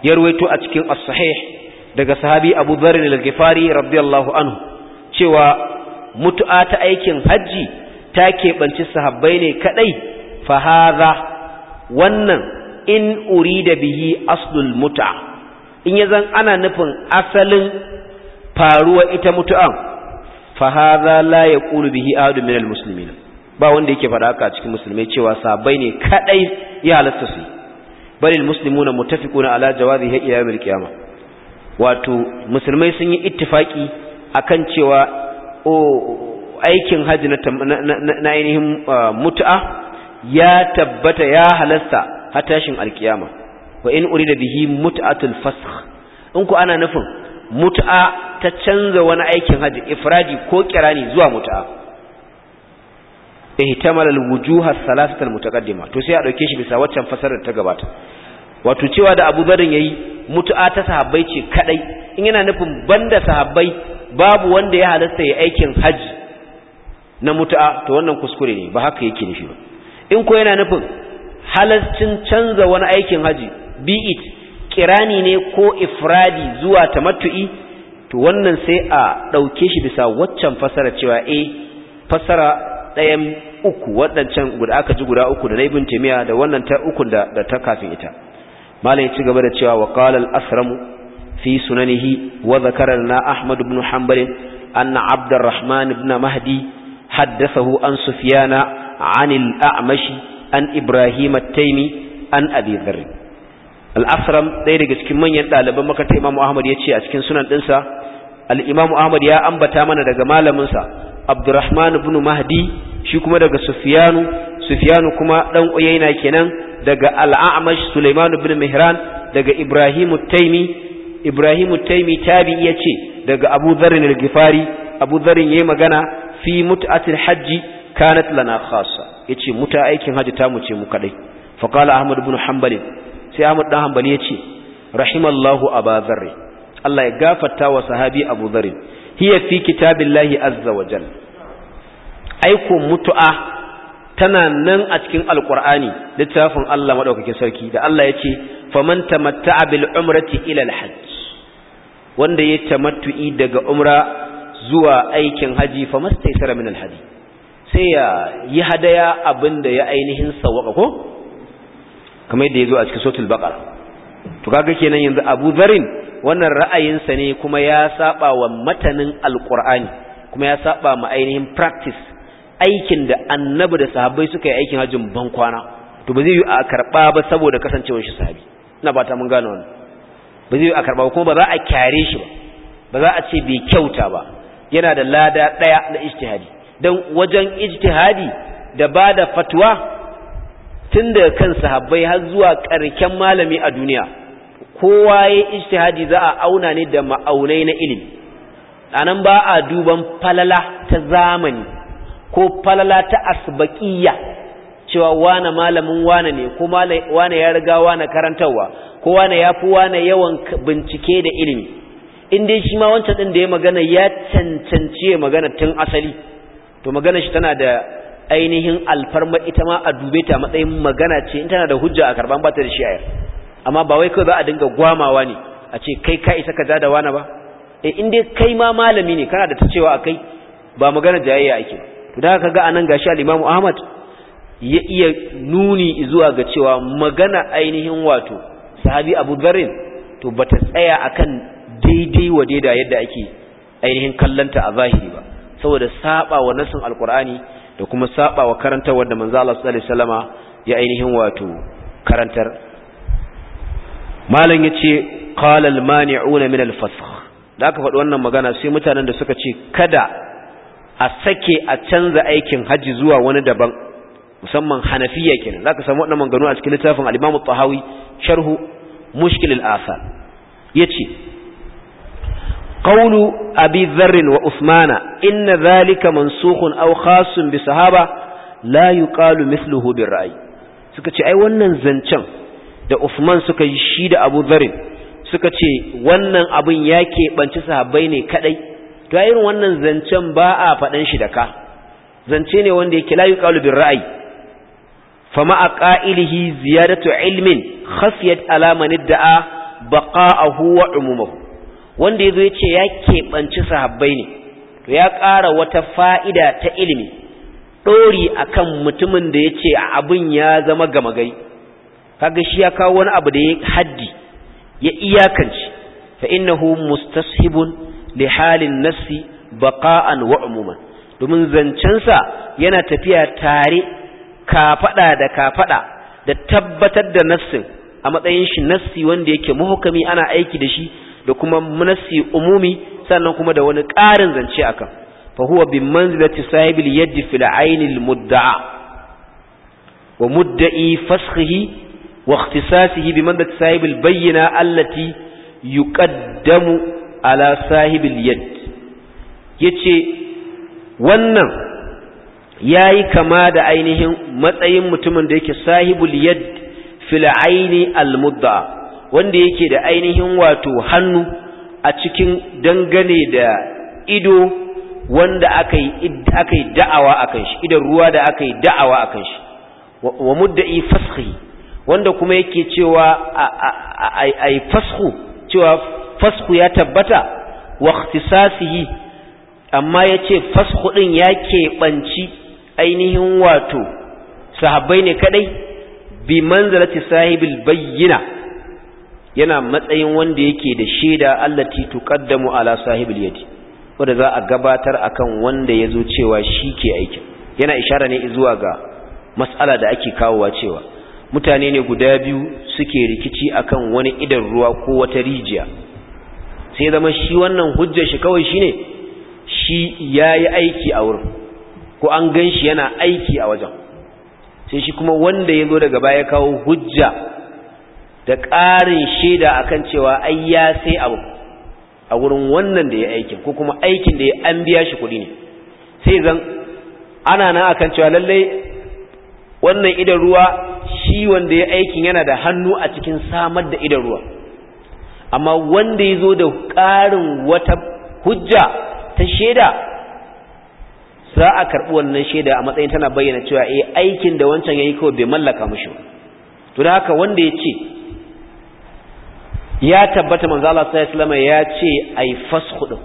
ya ruwaito a cikin as-sahih daga sahabi abu dharr al ghifari radiyallahu anhu cewa mutu'a ta aikin hajji ta keɓanci sahabbai ne kaɗai fahaza wannan in da bihi aslul mutu'a in ya zan ana nufin asalin faruwa ita mutu'an fahaza la ya bihi adu minal musulmin ba wanda yake faɗa haka cikin musulmai cewa sahabbai ne kaɗai ya halatta su balil muslimuna muttafiquna ala jawazi ya yawmil qiyamah wato musulmai sun yi ittifaki akan cewa aikin haji na ainihin uh, mutu'a ya tabbata ya halasta hatashin alkiyama wa in urida bihi mut'atul fasakh in ku ana nufin mut'a ta canza wani aikin hajji ifradi ko kirani zuwa mut'a ihtamala alwujuha thalathata almutaqaddima to sai a dauke shi bisa waccan fasarar ta gabata wato cewa da Abu Dharr yayi mutu'a ta sahabbai ce kadai in yana nufin banda sahabbai babu wanda ya halasta ya aikin hajji na mutu'a to wannan kuskure ne ba haka yake nufi ba in ko yana nufin halaccin canza wani aikin haji be it kirani ne ko ifradi zuwa tamattu'i to wannan sai a ɗauke shi bisa waccan fasara cewa e eh, fasara ɗayan uku waɗancan guda aka ji guda uku da na ibn da wannan ta uku da, ta kafin ita malam ya ci gaba da cewa wa qala al-asramu في سننه وذكر لنا أحمد بن حنبل أن عبد الرحمن بن مهدي حدثه عن سفيان عن الأعمش an إبراهيم التيمي عن أبي ذر الأسرم ɗaya daga cikin manyan ɗaliban makarta Imam Ahmad ya ce a cikin sunan ɗinsa al-Imam Ahmad ya ambata mana daga malaminsa Abdurrahman ibn Mahdi shi kuma daga Sufyanu Sufyanu kuma dan Uyayna kenan daga al Suleiman bin ibn Mihran daga Ibrahim at ibrahim taimi tabi ya ce daga abu zarin al-gifari abu zarin yayi magana fi mut'atil hajji kanat lana khassa yace muta aikin haji ta mu ce mu kadai fa qala ahmad ibn hanbal sai ahmad dan hanbali yace rahimallahu aba zarri Allah ya gafarta wa sahabi abu zarri hiya fi kitabillahi azza wa jalla aiko mutu'a tana nan a cikin alkur'ani littafin Allah madaukakin sarki da Allah ya ce faman tamatta bil umrati ila al hajj wanda ya tamattu'i daga umra zuwa aikin haji famastaysara min al hadi sai ya yi hadaya abinda ya ainihin sawaka ko kamar yadda yazo a cikin suratul baqara to kaga kenan yanzu Abu zarin wannan ra'ayinsa ne kuma ya saba wa matanin alqur'ani kuma ya saba ma ainihin practice aikin da annabi da sahabbai suka yi aikin hajjin kwana. to ba zai yi a karɓa ba saboda kasancewar shi sahabi ina ba mun gano wannan ba zai a karba kuma ba za a kyare shi ba ba za a ce bai kyauta ba yana da lada ɗaya na ijtihadi dan wajen ijtihadi da ba da fatwa tun da kan sahabbai har zuwa karken malami a duniya kowa ya ijtihadi za a auna ne da ma'aunai na ilimi anan ba a duban falala ta zamani ko falala ta asbaƙiyya cewa wane malamin wane ne ko wane ya riga wane karantarwa ko wane ya fi wane yawan bincike da ilimi in dai shi ma wancan din da ya magana ya cancanci ya magana tun asali to magana shi tana da ainihin alfarma ita ma a dube ta matsayin magana ce in tana da hujja a karban ba ta da shi a amma ba wai kawai za a dinga gwamawa ne a ce kai ka isa ka ja da wane ba e in dai kai ma malami ne kana da ta cewa a kai ba magana jayayya ake ba to da ka ga anan gashi al-Imam Ahmad ya iya nuni zuwa ga cewa magana ainihin wato sahabi abu zarin to ba ta tsaya kan daidai wa daida yadda ake ainihin kallanta a zahiri ba saboda saba wa nasin alkur'ani da kuma saba wa karantar wadda manzala su sallallahu salama ya ainihin wato karantar malam yace ma ne maniuna min al da aka faɗi wannan magana sai mutanen da suka ce kada a sake a canza aikin hajji zuwa wani daban musamman hanafiya kenan zaka samu waɗannan manganu a cikin littafin al-Imam al-Tahawi sharhu mushkil al-asar yace qawlu abi dharr wa usmana inna dhalika mansukhun aw khasun bi sahaba la yuqalu mithluhu bir ra'yi suka ce ai wannan zancen da Usman suka yi shi da Abu Dharr suka ce wannan abin yake banci sahabbai ne kadai to irin wannan zancen ba a faɗan shi da ka zance ne wanda yake la yuqalu bir ra'yi fama a ƙa'ilihi ziyadatu ilmin khafiyat alamanin da'a baka'ahu wa wanda ya zo ya ce ya keɓanci sahabbai ne to ya ƙara wata fa'ida ta ilimi ɗori a kan mutumin da ya ce abin ya zama gama gai. kaga shi ya kawo wani abu da ya haddi ya iyakanci fa innahu mustashibun li halin nassi baqa'an wa umuman domin zancensa yana tafiya tare kafada da kafada da tabbatar da nassin a matsayin shi nassi wanda yake muhukami ana aiki da shi da kuma nassi umumi sannan kuma da wani ƙarin zance akan fa huwa bi manzilati sahibil yadi fil ainil mudda'a wa mudda'i fashihi wa ikhtisasihi bi manzilati sahibil bayyina allati yuqaddamu ala sahibil yad yace wannan ya yi kama da ainihin matsayin mutumin da yake sahibul yad fil al mudda wanda yake da ainihin wato hannu a cikin dangane da ido wanda aka yi da'awa akan shi idan ruwa da aka yi da'awa akan shi wa mudda'i faskhi wanda kuma yake cewa ai fasku cewa fasku ya tabbata wa ikhtisasihi amma yace fashu din ya keɓanci ainihin wato sahabbai ne kadai bi manzalati sahibil bayyina yana matsayin wanda yake da shaida allati tuqaddamu ala sahibil yadi wanda za a gabatar akan wanda yazo cewa shi ke aikin yana ishara ne zuwa ga matsala da ake kawowa cewa mutane ne guda biyu suke rikici akan wani idan ruwa ko wata rijiya sai zama shi wannan hujjar shi kawai shine shi yayi aiki a wurin ko an gan shi yana aiki a wajen sai shi kuma wanda ya zo daga baya kawo hujja da ƙarin shaida akan cewa ai ya sai abu a wurin wannan da ya aikin ko kuma aikin da ya an biya shi kuɗi ne sai zan ana nan akan cewa lallai wannan idan ruwa shi wanda ya aikin yana da hannu a cikin samar da idan ruwa amma wanda ya zo da ƙarin wata hujja ta shaida za a karɓi wannan shaida a matsayin tana bayyana cewa eh aikin da wancan yayi kawai bai mallaka mushi to da haka wanda ya ce ya tabbata manzo Allah sallallahu alaihi wasallam ya ce ai fasxu din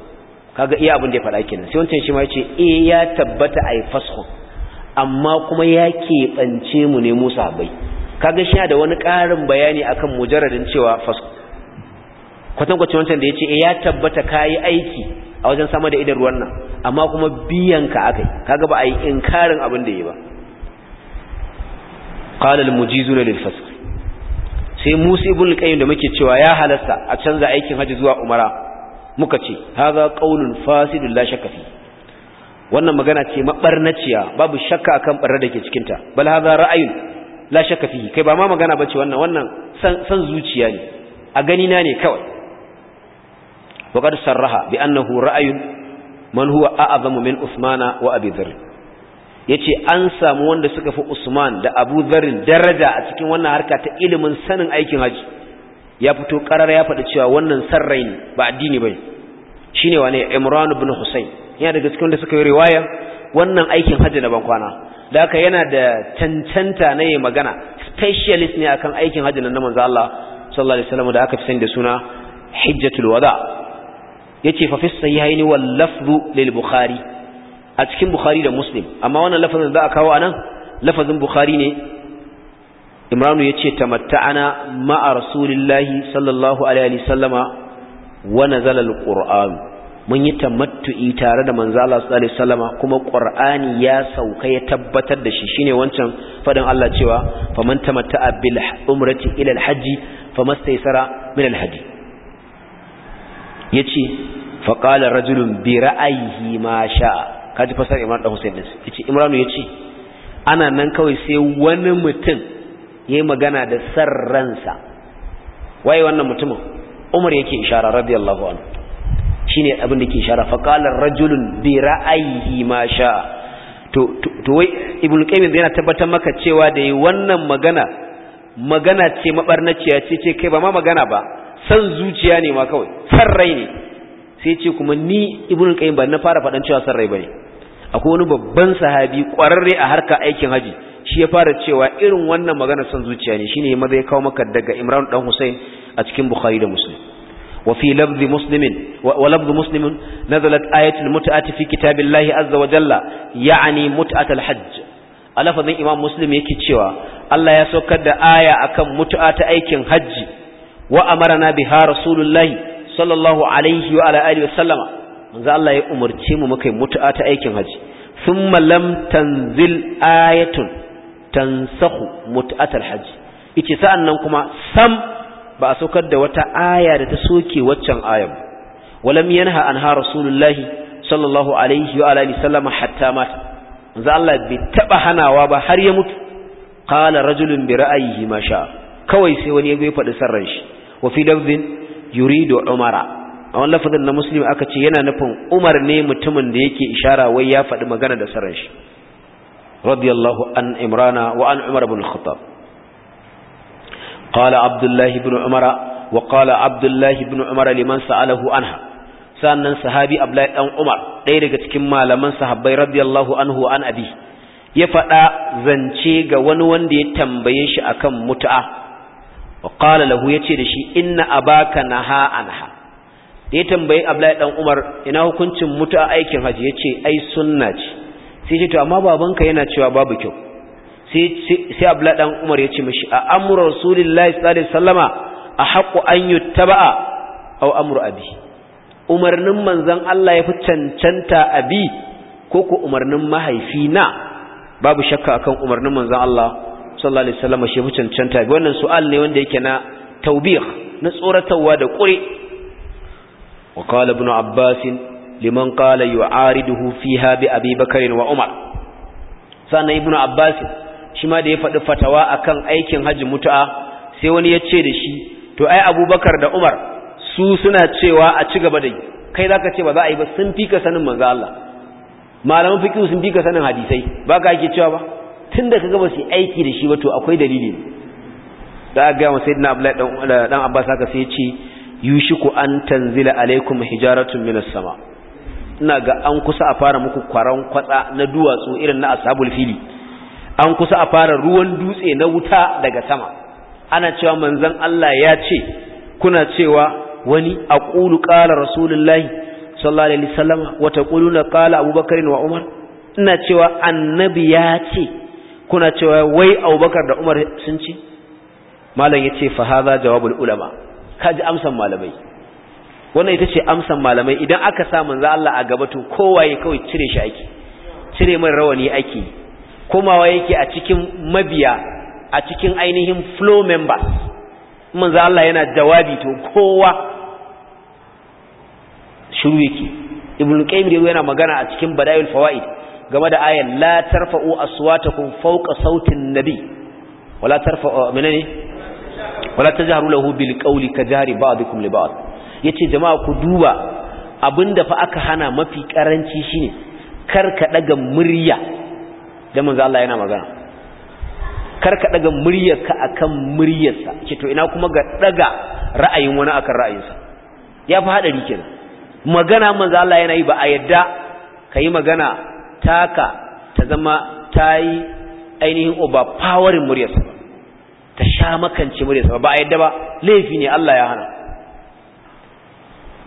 kaga iya abin da ya faɗa kenan sai wancan shi ma ya ce eh ya tabbata ai fasxu amma kuma ya keɓance mu ne Musa bai kaga shi da wani ƙarin bayani akan mujarradin cewa fasxu kwatankwacin wancan da ya ce eh ya tabbata kai aiki a wajen samar da idan ruwan nan amma kuma biyan aka yi kaga ba a yi inkarin abin da yi ba qala al mujizu lil fasq sai Musa ibn al-Qayyim da muke cewa ya halasta a canza aikin haji zuwa umara muka ce haza qaulun fasidun la shakka fi wannan magana ce mabarnaciya babu shakka akan barra da ke cikin ta bal haza ra'ayun la shakka fi kai ba ma magana bace wannan wannan san zuciya ne a gani na ne kawai وقد صرح بأنه رأي من هو أعظم من عثمان وأبي ذر yace an samu wanda suka fi Usman da Abu Dharr daraja a cikin wannan harka ta ilimin sanin aikin haji ya fito karar ya faɗi cewa wannan san rai ne ba addini bane shine wane Imran ibn Husayn yana daga cikin wanda suka yi riwaya wannan aikin haji na ban kwana da haka yana da cancanta na yi magana specialist ne akan aikin haji na manzo Allah sallallahu alaihi wasallam da aka fi sani da suna hijjatul wada yace fa fi sahihain wal lafzu lil bukhari a cikin bukhari da muslim amma wannan lafazin za a kawo anan lafazin bukhari ne imran yace tamatta'ana ma'a rasulillahi sallallahu alaihi wasallama wa nazala alquran mun yi tamattu'i tare da manzo Allah sallallahu alaihi wasallama kuma qur'ani ya sauka ya tabbatar da shi shine wancan faɗan Allah cewa faman tamatta'a bil umrati ila alhajji famastaysara min alhajji yace fa qala rajulun bi ra'ayhi ma sha kaji fasar Imran da Hussein din yace ya yace ana nan kawai sai wani mutum yayi magana da sarransa waye wannan mutumin Umar yake ishara radiyallahu anhu shine abin da ke ishara fa qala rajulun bi ra'ayhi ma sha to to wai ibnu Qayyim yana tabbatar maka cewa da yi wannan magana magana ce mabarnaciya ce ce kai ba ma magana ba san zuciya ne ma kawai san rai ne sai ce kuma ni ibn qayyim ba na fara faɗan cewa san rai bane akwai wani babban sahabi kwararre a harka aikin haji shi ya fara cewa irin wannan magana san zuciya ne shine maza ya kawo maka daga Imran dan Hussein a cikin Bukhari da Muslim wa fi lafzi muslimin wa lafzi muslimin nazalat ayatul mut'ati fi kitabillahi azza wa jalla ya'ni mut'atul hajj a lafazin Imam Muslim yake cewa Allah ya saukar da aya akan mut'a ta aikin hajji wa amarna biha rasulullahi sallallahu alaihi wa ala alihi wasallama manzo ya umarce mu muka yi mutu'a ta aikin haji thumma lam tanzil ayatun tansahu mut'atal haji yace kuma sam ba a saukar da wata aya da ta soke waccan ayar walam yanha anha rasulullahi sallallahu alaihi wa ala alihi sallama hatta mata manzo bai hanawa ba har ya mutu qala rajulun bi ra'ayihi ma sha kawai sai wani ya faɗi sarran shi wa fi lafzin yuridu umara a wani lafazin na muslim aka ce yana nufin umar ne mutumin da yake ishara wai ya faɗi magana da saran shi radiyallahu an imrana wa an umar bin khattab qala abdullahi bin wa qala abdullahi bin liman sannan sahabi abdullahi dan umar ɗaya daga cikin malaman sahabbai radiyallahu anhu an abi ya faɗa zance ga wani wanda ya tambaye shi akan mutu'a. wa qala lahu yace da shi inna abaka naha anha da ya tambayi Abdullahi dan Umar ina hukuncin mutu a aikin haji yace ai sunna ce sai ce to amma babanka yana cewa babu kyau sai sai Abdullahi dan Umar yace mishi a amru rasulillahi sallallahu alaihi wasallama ahaqqu an yuttaba'a aw amru abi umarnin manzon Allah ya fi cancanta abi ko ko umarnin mahaifina babu shakka akan umarnin manzon Allah sallallahu alaihi wasallam shi bi wannan su'al ne wanda yake na tawbih na tsoratarwa da kure wa qala ibn abbas liman qala yu'ariduhu fiha bi abi bakr wa umar sannan ibn abbas shi ma da ya faɗi fatawa akan aikin hajji mutu'a sai wani ya ce da shi to ai abubakar da umar su suna cewa a ci gaba da yi kai zaka ce ba za a yi ba sun fika sanin manzo Allah malaman fiqhu sun fika sanin hadisai ba ka ake cewa ba tun da kaga ba su aiki da shi wato akwai dalili da ga mu sayyidina abdullahi dan abbas haka sai ya ce yushiku an tanzila alaikum hijaratun minas sama ina ga an kusa a fara muku kwaran kwatsa na duwatsu irin na ashabul fili an kusa a fara ruwan dutse na wuta daga sama ana cewa manzon Allah ya ce kuna cewa wani aqulu qala rasulullahi sallallahu alaihi wasallam wa taquluna qala abubakar wa umar ina cewa annabi ya ce kuna cewa wai abubakar da umar sun ci malam ya ce fahaza jawabul ulama kaji amsan malamai wannan ita ce amsan malamai idan aka sa manzo Allah a gaba to kowaye kawai cire shi ake cire mai rawani ake komawa yake a cikin mabiya a cikin ainihin flow members manzo Allah yana jawabi to kowa shiru yake ibnu qayyim yana magana a cikin bada'il fawaid game da ayan la tarfa'u aswatakum fawqa sautin nabi wala tarfa'u uh, menene wala tajharu lahu bil qawli kajari ba'dikum li ba'd yace jama'a ku duba abinda fa aka hana mafi karanci shine kar ka daga murya da manzo Allah yana magana kar ka daga muryarka akan muryarsa ce to ina kuma ga daga ra'ayin wani akan ra'ayinsa ya fi hadari kenan magana manzo Allah yana yi ba a yadda kai magana taka ta zama ta yi ainihin overpowering muryarsa ba ta sha makance muryarsa ba a yadda ba laifi ne Allah ya hana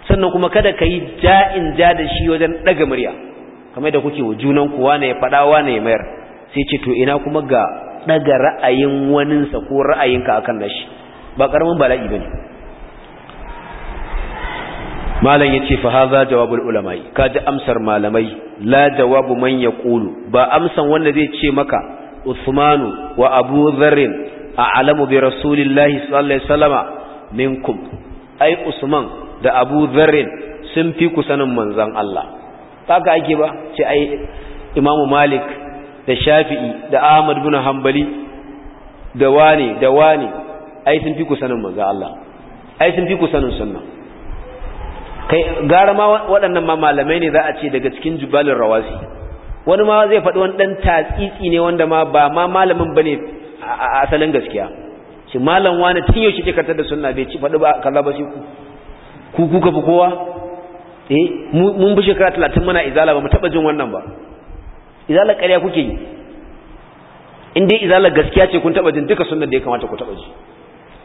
sannan kuma kada ka yi ja'in ja da shi wajen ɗaga murya kamar da kuke wa junan kuwa ne ya faɗa wane ya mayar sai ce to ina kuma ga ɗaga ra'ayin waninsa ko ra'ayinka a akan nashi ba ƙaramin bala'i ba ne malam yace fa hadha jawabul ulama'i ji amsar malamai la jawabu man kulu ba amsan wanda zai ce maka usmanu wa Abu a a'lamu bi rasulillahi sallallahu alaihi wasallama minkum ai Usman da Abu Dharr sun fi kusanin manzan manzon Allah ka ake ba ce ai Imam Malik da Shafi'i da Ahmad bin Hanbali da wani da wani ai sun fi kusanin manzan Allah ai sun fi kusanin sanin sunna kai gara ma waɗannan ma malamai ne za a ce daga cikin jubalin rawasi wani ma zai faɗi wani ɗan tatsitsi ne wanda ma ba ma malamin ba ne a asalin gaskiya shi malam wani tun yaushe ke kartar da suna bai ci faɗi ba kalla ba shi ku ku ka fi kowa eh mun bi shekara talatin muna izala ba mu taɓa jin wannan ba izala ƙarya kuke yi in dai izala gaskiya ce kun taɓa jin duka sunan da ya kamata ku taɓa ji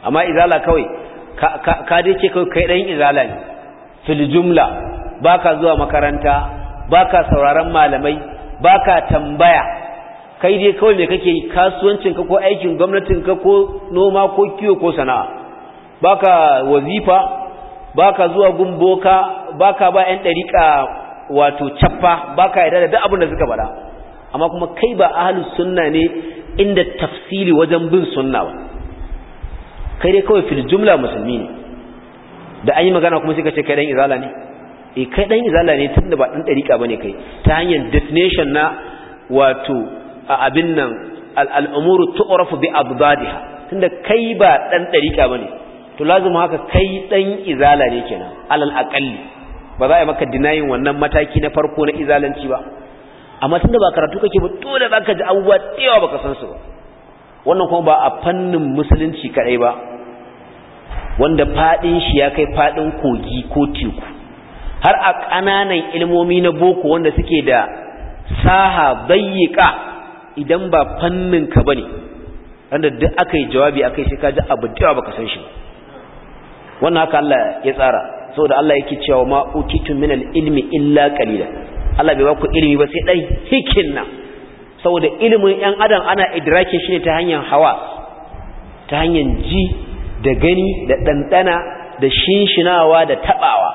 amma izala kawai ka dai ce kawai kai ɗan izala ne fil jumla baka zuwa makaranta baka sauraron malamai baka tambaya kai dai kawai me kake yi kasuwancin ka ko aikin gwamnatin ka ko noma ko kiwo ko sana'a baka wazifa baka zuwa gumboka baka ba yan dariƙa wato cappa baka yarda da duk abin da suka faɗa amma kuma kai ba ahlus sunna ne inda tafsili wajen bin sunna ba kai dai kawai fil jumla musulmi ne da an yi magana kuma sai ka ce kai dan izala ne eh kai dan izala ne tunda ba dan dariqa bane kai ta hanyar definition na wato a abin nan al'amuru tu'rafu bi abdadiha tunda kai ba dan dariqa bane to lazuma haka kai dan izala ne kenan alal aqalli ba za a yi maka dinayin wannan mataki na farko na izalanci ba amma tunda ba karatu kake ba dole zaka ji abubuwa da yawa baka san su ba wannan kuma ba a fannin musulunci kadai ba wanda fadin shi ya kai fadin kogi ko teku har a ƙananan ilmomi na boko wanda suke da saha bayyika idan ba fannin ka bane wanda duk aka yi jawabi akai sai ka ji abu da baka san shi wannan haka Allah ya tsara saboda Allah yake cewa ma utitu min ilmi illa qalila Allah bai ba ku ilimi ba sai dan hikin nan saboda ilimin yan adam ana idrake shi ne ta hanyar hawa ta hanyar ji da gani da ɗanɗana da shinshinawa da taɓawa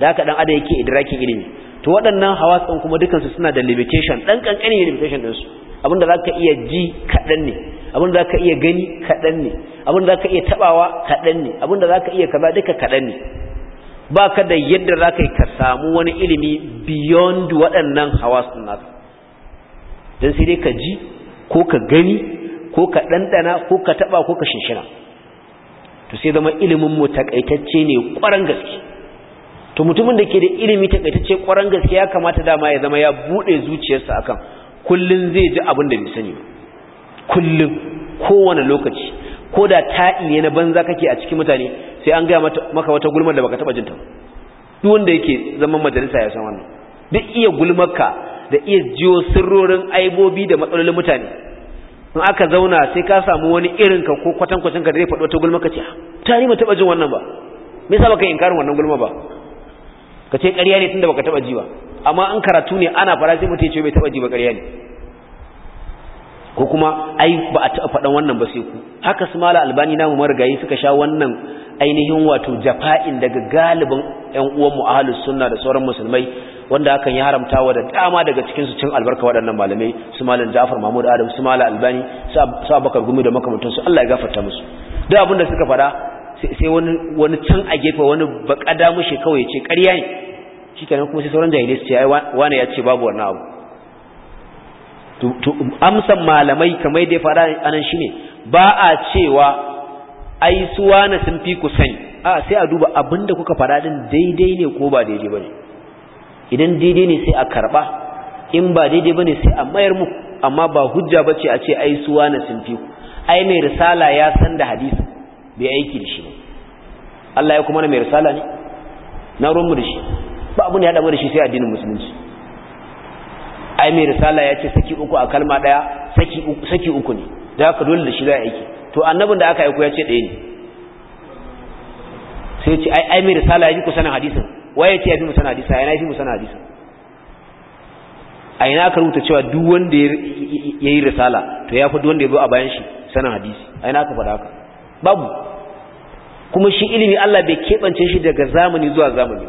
da haka ɗan ada yake idrakin ilimi to waɗannan hawas ɗin kuma dukansu suna da limitation ɗan ƙanƙanin limitation ɗinsu abinda za ka iya ji kaɗan ne abinda za ka iya gani kaɗan ne abinda za ka iya taɓawa kaɗan ne abinda za ka iya kaza duka kaɗan ne ba ka da yadda za ka ka samu wani ilimi beyond waɗannan hawas ɗin don sai dai ka ji ko ka gani ko ka ɗanɗana ko ka taɓa ko ka shinshina to sai zama ilimin mu takaitacce ne ƙwaron gaske to mutumin da ke da ilimi takaitacce kwaran gaske ya kamata dama ya zama ya bude zuciyarsa akan kullun zai ji abin da bai sani ba kullun kowane lokaci ko da ta'i ne na banza kake a cikin mutane sai an gaya maka wata gulmar da baka taba jinta ba duk wanda yake zaman majalisa ya san wannan duk iya gulmarka da iya jiyo sirrorin aibobi da matsalolin mutane in aka zauna sai ka samu wani irin ka ko kwatan kwatan ka da zai faɗo ta gulma kace tari mu taba jin wannan ba me yasa baka inkarin wannan gulma ba kace ƙarya ne tunda baka taba ji ba amma an karatu ne ana fara sai mutai ce bai taba ji ba ƙarya ne ko kuma ai ba a taɓa faɗan wannan ba sai ku haka su mala albani namu marigayi suka sha wannan ainihin wato jafa'in daga galibin ƴan uwan mu ahlus sunna da sauran musulmai wanda hakan ya haramta wa da dama daga cikin su cin albarka waɗannan malamai su malam Ja'far Mahmud Adam su malam Albani su Abubakar Gumi da makamantansu Allah ya gafarta musu duk abin da suka fara sai wani wani can a gefe wani bakada mushe kawai ya ce ƙarya ne shikenan kuma sai sauran jahilai su ce ai wani ya ce babu wannan abu to amsan malamai kamar da ya fara anan shine ba a cewa ai su wani sun fi ku sani a sai a duba abinda kuka fara din daidai ne ko ba daidai bane idan daidai ne sai a karba in ba daidai bane sai a mayar mu amma ba hujja bace a ce ai suwa na sun fi ai mai risala ya san da hadisi bai aiki da shi ba Allah ya kuma na mai risala ne na ruwan mu da shi ba abu ne ya damu da shi sai addinin musulunci ai mai risala ya ce saki uku a kalma daya saki uku saki uku ne da haka dole da shi za a aiki to annabin da aka aiko ya ce ɗaya ne sai ce ai ai mai risala ya ji ku sanin hadisin waye ce ya fi musana hadisa yana fi musana hadisa a ina aka rubuta cewa duk wanda ya yi risala to ya fi duk wanda ya zo a bayan shi sanin hadisi a ina aka faɗa ka babu kuma shi ilimi Allah bai keɓance shi daga zamani zuwa zamani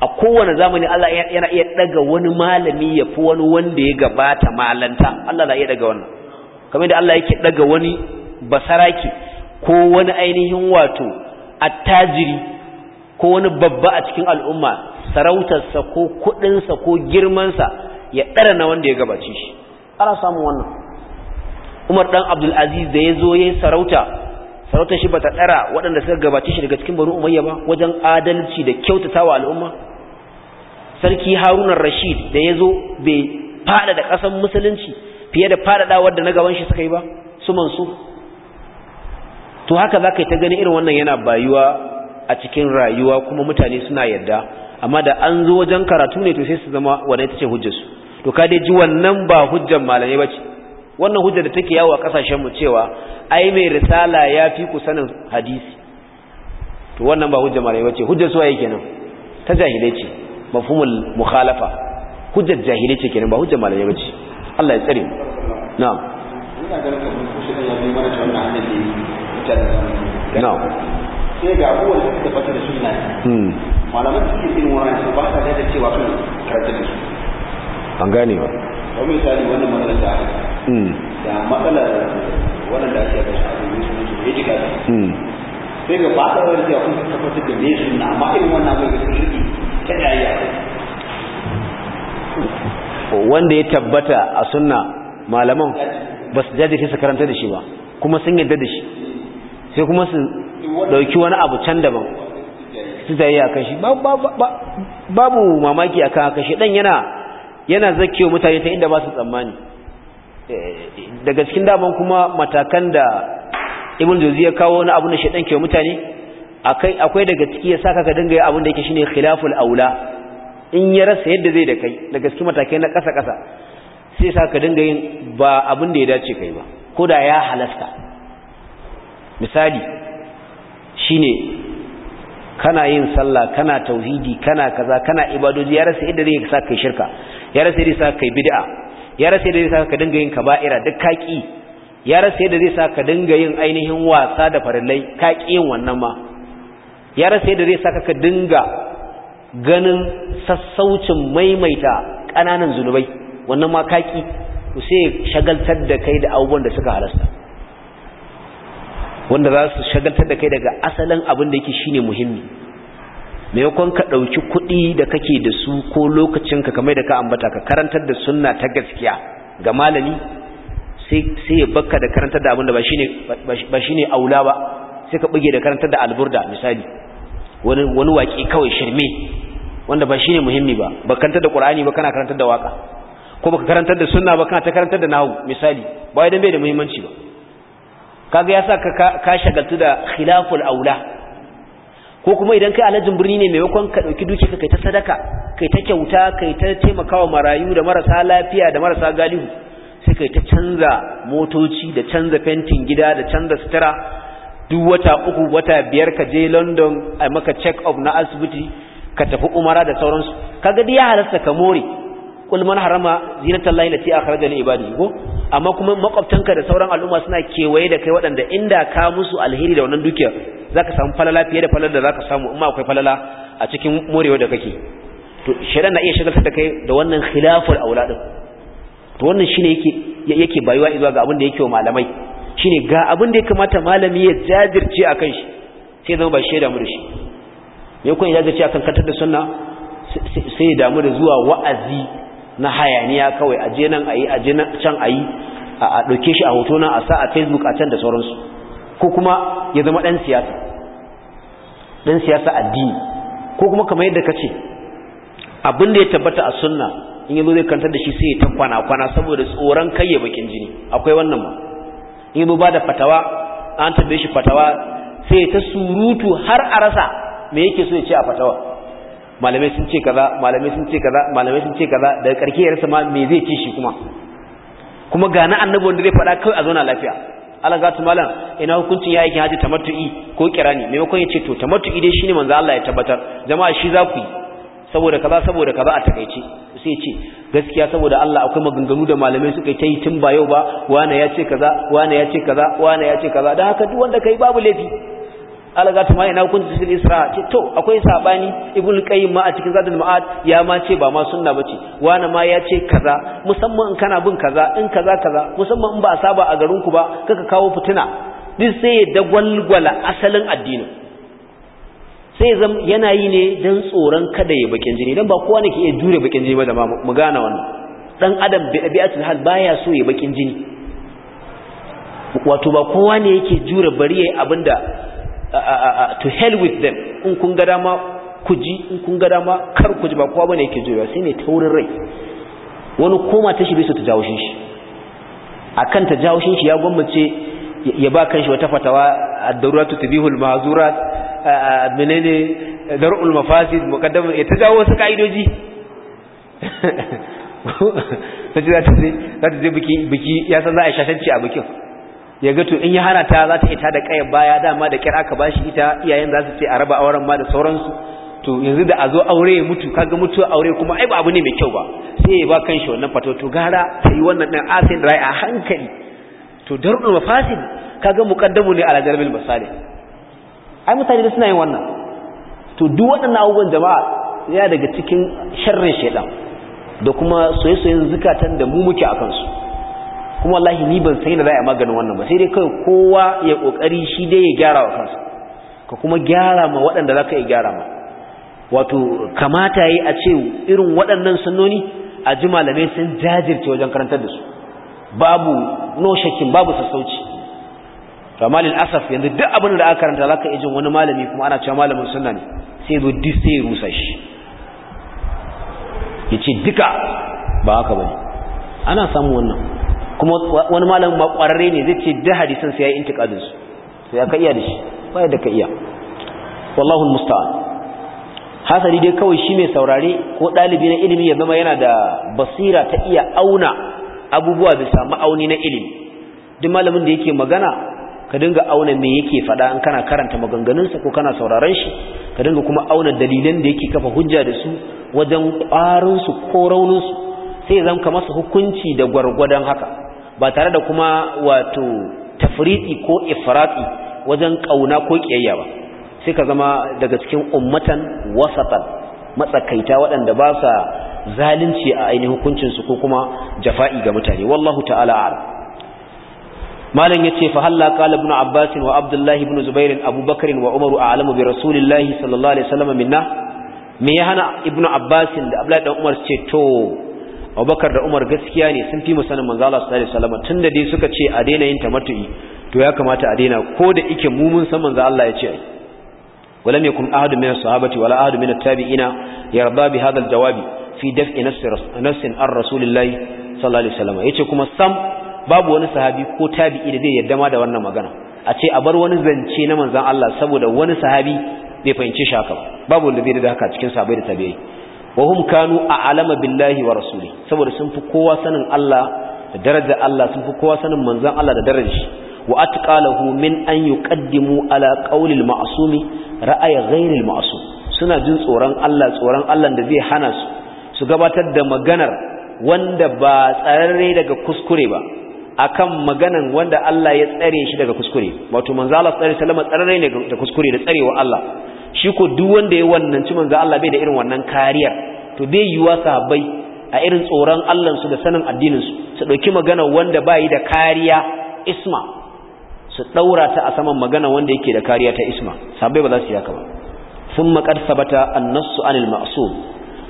a kowane zamani Allah yana iya daga wani malami ya fi wani wanda ya gabata malanta Allah na iya daga wannan kamar da Allah yake daga wani basaraki ko wani ainihin wato attajiri ko wani babba a cikin al'umma sarautarsa ko kuɗinsa ko girmansa ya ɗara na wanda ya gabace shi ana samun wannan umar ɗan abdulaziz da ya zo ya yi sarauta sarautar shi ba ta ɗara waɗanda suka gabace shi daga cikin banu umayya ba wajen adalci da kyautata wa al'umma sarki Haruna rashid da ya zo bai faɗa da ƙasan musulunci fiye da faɗaɗawar da na gaban shi suka yi ba su mansu to haka za ka yi ta gani irin wannan yana bayuwa a cikin rayuwa kuma mutane suna yadda amma da an zo wajen karatu ne to sai su zama wannan ita ce hujjarsu to ka dai ji wannan ba hujjar malamai ba ce wannan hujjar da take yawo a kasashenmu cewa ai mai risala ya fi ku sanin hadisi to wannan ba hujjar malamai ba ce hujjar waye kenan ta jahilai ce mafhumul mukhalafa hujjar jahilai ce kenan ba hujjar malamai ba ce Allah ya tsare mu na'am na'am sai ga abubuwan da suka tabbata da suna. Hmm. malaman da suke irin wannan su ba sa da cewa kan karanta da su an gane ba kamar misali wani matsalar da aka hmm. da matsalar wannan da ake da shi abu ne su ne hmm. jika sai ga ba ta da kun tabbatar da me suna amma irin wannan abin da su shirki ta yaya wanda ya tabbata a sunna malaman ba su jajirce su karanta da shi ba kuma sun yadda da shi sai kuma su dauki wani abu can daban su tsaye akan shi babu mamaki a haka shi dan yana yana zakiyo mutane ta inda ba su tsammani eh, daga cikin daman kuma matakan da ibn juzi ya kawo wani abu na shedan ke mutane akai akwai daga ciki ya saka ka dinga yin abin da yake shine khilaful aula in ya rasa yadda zai da kai daga cikin matakai na kasa kasa sai sa ka dinga yin ba abin da ya dace kai ba ko da ya halasta misali shine kana yin sallah kana tauhidi kana kaza kana ibadoji ya rasa yadda zai sa kai shirka ya rasa yadda zai sa kai bid'a ya rasa yadda zai sa ka dinga yin kaba'ira duk kaki ya rasa yadda zai sa ka dinga yin ainihin wasa da farillai kaki yin wannan ma ya rasa yadda zai sa ka dinga ganin sassaucin maimaita ƙananan zunubai wannan ma kaki ku sai shagaltar da kai da abubuwan da suka halasta wanda za su shagaltar da kai daga asalin abin da yake shine muhimmi maimakon ka ɗauki kuɗi da kake da su ko lokacinka kamar da ka ambata ka karantar da sunna ta gaskiya ga malami sai ya bakka da karantar da abin da ba shine aula ba sai ka buge da karantar da alburda misali wani wani waki kawai shirme wanda ba shine muhimmi ba ba karantar da qur'ani ba kana karantar da waka ko baka karantar da sunna ba kana ta karantar da nahwu misali ba idan bai da muhimmanci ba kaga yasa ka ka shagaltu da khilaful aula ko kuma idan kai alajin birni ne mai wakon ka dauki duki ka kai ta sadaka kai ta kyauta kai ta taimakawa marayu da marasa lafiya da marasa galihu sai kai ta canza motoci da canza fentin gida da canza sutura duk wata uku wata biyar ka je London a maka check up na asibiti ka tafi umara da sauransu kaga dai ya halasta ka more kul man harama zinatal lahi lati akhraja li ibadihi ko amma kuma makwabtanka da sauran al'umma suna kewaye da kai waɗanda inda ka musu alheri da wannan dukiyar zaka samu falala fiye da falala da zaka samu amma akwai falala a cikin morewa da kake to shirin na iya shagaltar da kai da wannan khilaful auladin to wannan shine yake yake bayuwa zuwa ga abin da yake wa malamai shine ga abin da ya kamata malami ya jajirce akan shi sai zama ba shi damu da shi me kun ya jajirce akan katar da sunna sai ya damu da zuwa wa'azi na hayaniya kawai a je nan ayi a je can yi a ɗauke shi a hoto nan a sa a facebook a can da sauransu ko kuma ya zama ɗan siyasa ɗan siyasa addini ko kuma kamar yadda ka abin da ya tabbata a sunna in yi zai kantar da shi sai ya ta kwana kwana saboda tsoron kai ya bakin jini akwai wannan ma in yi ba da fatawa an tambaye shi fatawa sai ta surutu har a rasa me yake so ya ce a fatawa malamai sun ce kaza malamai sun ce kaza malamai sun ce kaza daga karke ya ma me zai ci shi kuma kuma ga na annabi wanda zai faɗa kawai a zauna lafiya Allah ga tu malam ina hukuncin ya aikin haji tamattu'i ko kirani maimakon ya ce to tamattu'i dai shine manzo Allah ya tabbatar jama'a shi za ku yi saboda kaza saboda kaza a takeice sai ce gaskiya saboda Allah akwai maganganu da malamai suka ta yi tun ba yau ba wani ya ce kaza wani ya ce kaza wani ya ce kaza dan haka duk wanda kai babu laifi alaga tuma ina kun fil isra ce to akwai sabani ibn qayyim ma a cikin zadul ma'ad ya ma ce ba ma sunna bace wani ma ya ce kaza musamman in kana bin kaza in kaza kaza musamman in ba saba a garin ku ba kaka kawo fitina duk sai ya dagwalgwala asalin addinin sai zam yana yi ne dan tsoron kada ya bakin jini dan ba kowa ne ke iya jure bakin jini ba da mu gane wannan dan adam bi abiatul hal baya so ya bakin jini wato ba kowa ne yake jure bari yayi abinda to hell with them in kun ga dama ku ji in kun ga dama kar ku ji ba kowa bane yake jurewa sai ne taurin rai wani koma ta shi bai so ta jawo shi akan ta jawo shi ya gwammace ya ba kanshi wata fatawa ad-daruratu tibihul mahzurat menene dar'ul mafasid muqaddam ya eh, ta jawo su kaidoji [laughs] ta ji za ta je biki ya san za a shashanci a bikin ya ga to in ya hana ta za ta ita da kayan baya dama da kira aka bashi ita iyayen za su ce a raba auren ma da sauransu to yanzu da a zo aure ya mutu kaga mutuwa aure kuma ai ba abu ne mai kyau ba sai ya ba kanshi wannan fato to gara ta yi wannan ɗan asin rai a hankali to darɗin mafasid kaga muƙaddamu ne ala jarbil misali ai mutane da suna yin wannan to duk waɗannan abubuwan jama'a ya daga cikin sharrin shaidan da kuma soyayyen zukatan da mu muke a kansu kuma wallahi ni ban san yadda za a maganin wannan ba sai dai kawai kowa ya kokari shi dai ya gyara wa kansa ka kuma gyara ma waɗanda za ka iya gyara ma wato kamata yi a ce irin waɗannan sannoni a ji malamai sun jajirce wajen karantar da su babu no shakin babu sassauci amma lil asaf yanzu duk abin da aka karanta zaka iya jin wani malami kuma ana cewa malamin sunna ne sai zo duk sai ya rusa shi Ya ce duka ba haka bane ana samu wannan kuma wani malamin ma kwararre ne zai ce da hadisan sai ya yi intiqadin su sai ka iya da shi ba da ka iya wallahu musta'an hasali dai kawai shi mai saurari ko ɗalibi na ilimi ya zama yana da basira ta iya auna abubuwa bisa ma'auni na ilimi duk malamin da yake magana ka dinga auna me yake faɗa in kana karanta maganganunsa ko kana sauraron shi ka dinga kuma auna dalilan da yake kafa hujja da su wajen ƙwarinsu ko rauninsu sai zan ka masa hukunci da gwargwadon haka ba tare da kuma wato tafriti ko ifrati wajen kauna ko kiyayya ba sai ka zama daga cikin ummatan wasatan matsakaita waɗanda ba sa zalunci a ainihin hukuncinsu su ko kuma jafa'i ga mutane wallahu ta'ala a'lam malam yace fa halla qala ibn abbas wa Abdullahi ibn zubair abubakar wa umar a'lamu bi rasulillahi sallallahu alaihi wasallam minna me ya hana ibn abbas da Abdullahi dan umar ce to Abubakar da Umar gaskiya ne sun fi musanin manzo Allah sallallahu alaihi wasallam tunda dai suka ce a daina yin ta matui to ya kamata a daina ko da ike mu mun san manzo Allah ya ce ai ولم يكن أحد من الصحابة ولا أحد tabi'ina ya يرضى bi hadal jawabi fi daf'i nafsi nafsi ar rasulillahi sallallahu alaihi wasallam yace kuma sam babu wani sahabi ko tabi'i da zai yarda ma da wannan magana a ce a bar wani zance na Manzan Allah saboda wani sahabi bai fahimci shi haka ba babu wanda bai da haka cikin sahabbai da tabi'i wa kanu a a'lama billahi wa rasuli saboda sun fi kowa sanin Allah da daraja Allah sun fi kowa sanin manzon Allah da daraja. shi wa atqalahu min an yuqaddimu ala qawlil ma'sumi ra'aya ghayril ma'sum suna jin tsoron Allah tsoron Allah da zai hana su su gabatar da maganar wanda ba tsare daga kuskure ba akan maganan wanda Allah ya tsare shi daga kuskure wato manzo Allah sallallahu alaihi wasallam ne da kuskure da tsarewa Allah shi ko duk wanda ya wannan ci manzo Allah bai da irin wannan kariyar to bai yiwa sahabbai a irin tsoron Allah su da sanin addinin su su dauki magana wanda bai da kariya isma su daura ta a saman magana wanda yake da kariya ta isma sahabbai ba za su yi haka ba thumma qad sabata an 'anil ma'sum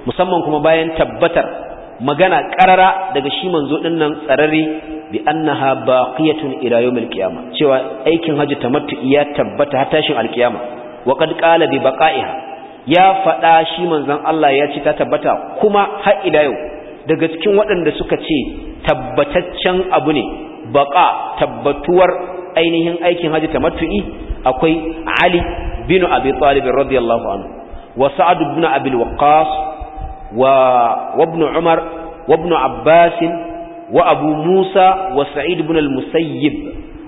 musamman kuma bayan tabbatar magana karara daga shi manzo din nan tsararre bi annaha baqiyatun ila yawmil qiyamah cewa aikin hajji tamattu ya tabbata har tashin alqiyamah wa qad qala ya faɗa shi manzon Allah ya ci ta tabbata kuma har yau daga cikin waɗanda suka ce tabbataccen abu ne baqa tabbatuwar ainihin aikin haji tamattu'i akwai Ali bin Abi Talib radiyallahu anhu wa Sa'd ibn Abi Waqqas wa ibn Umar wa ibn Abbas wa Abu Musa wa Sa'id ibn al-Musayyib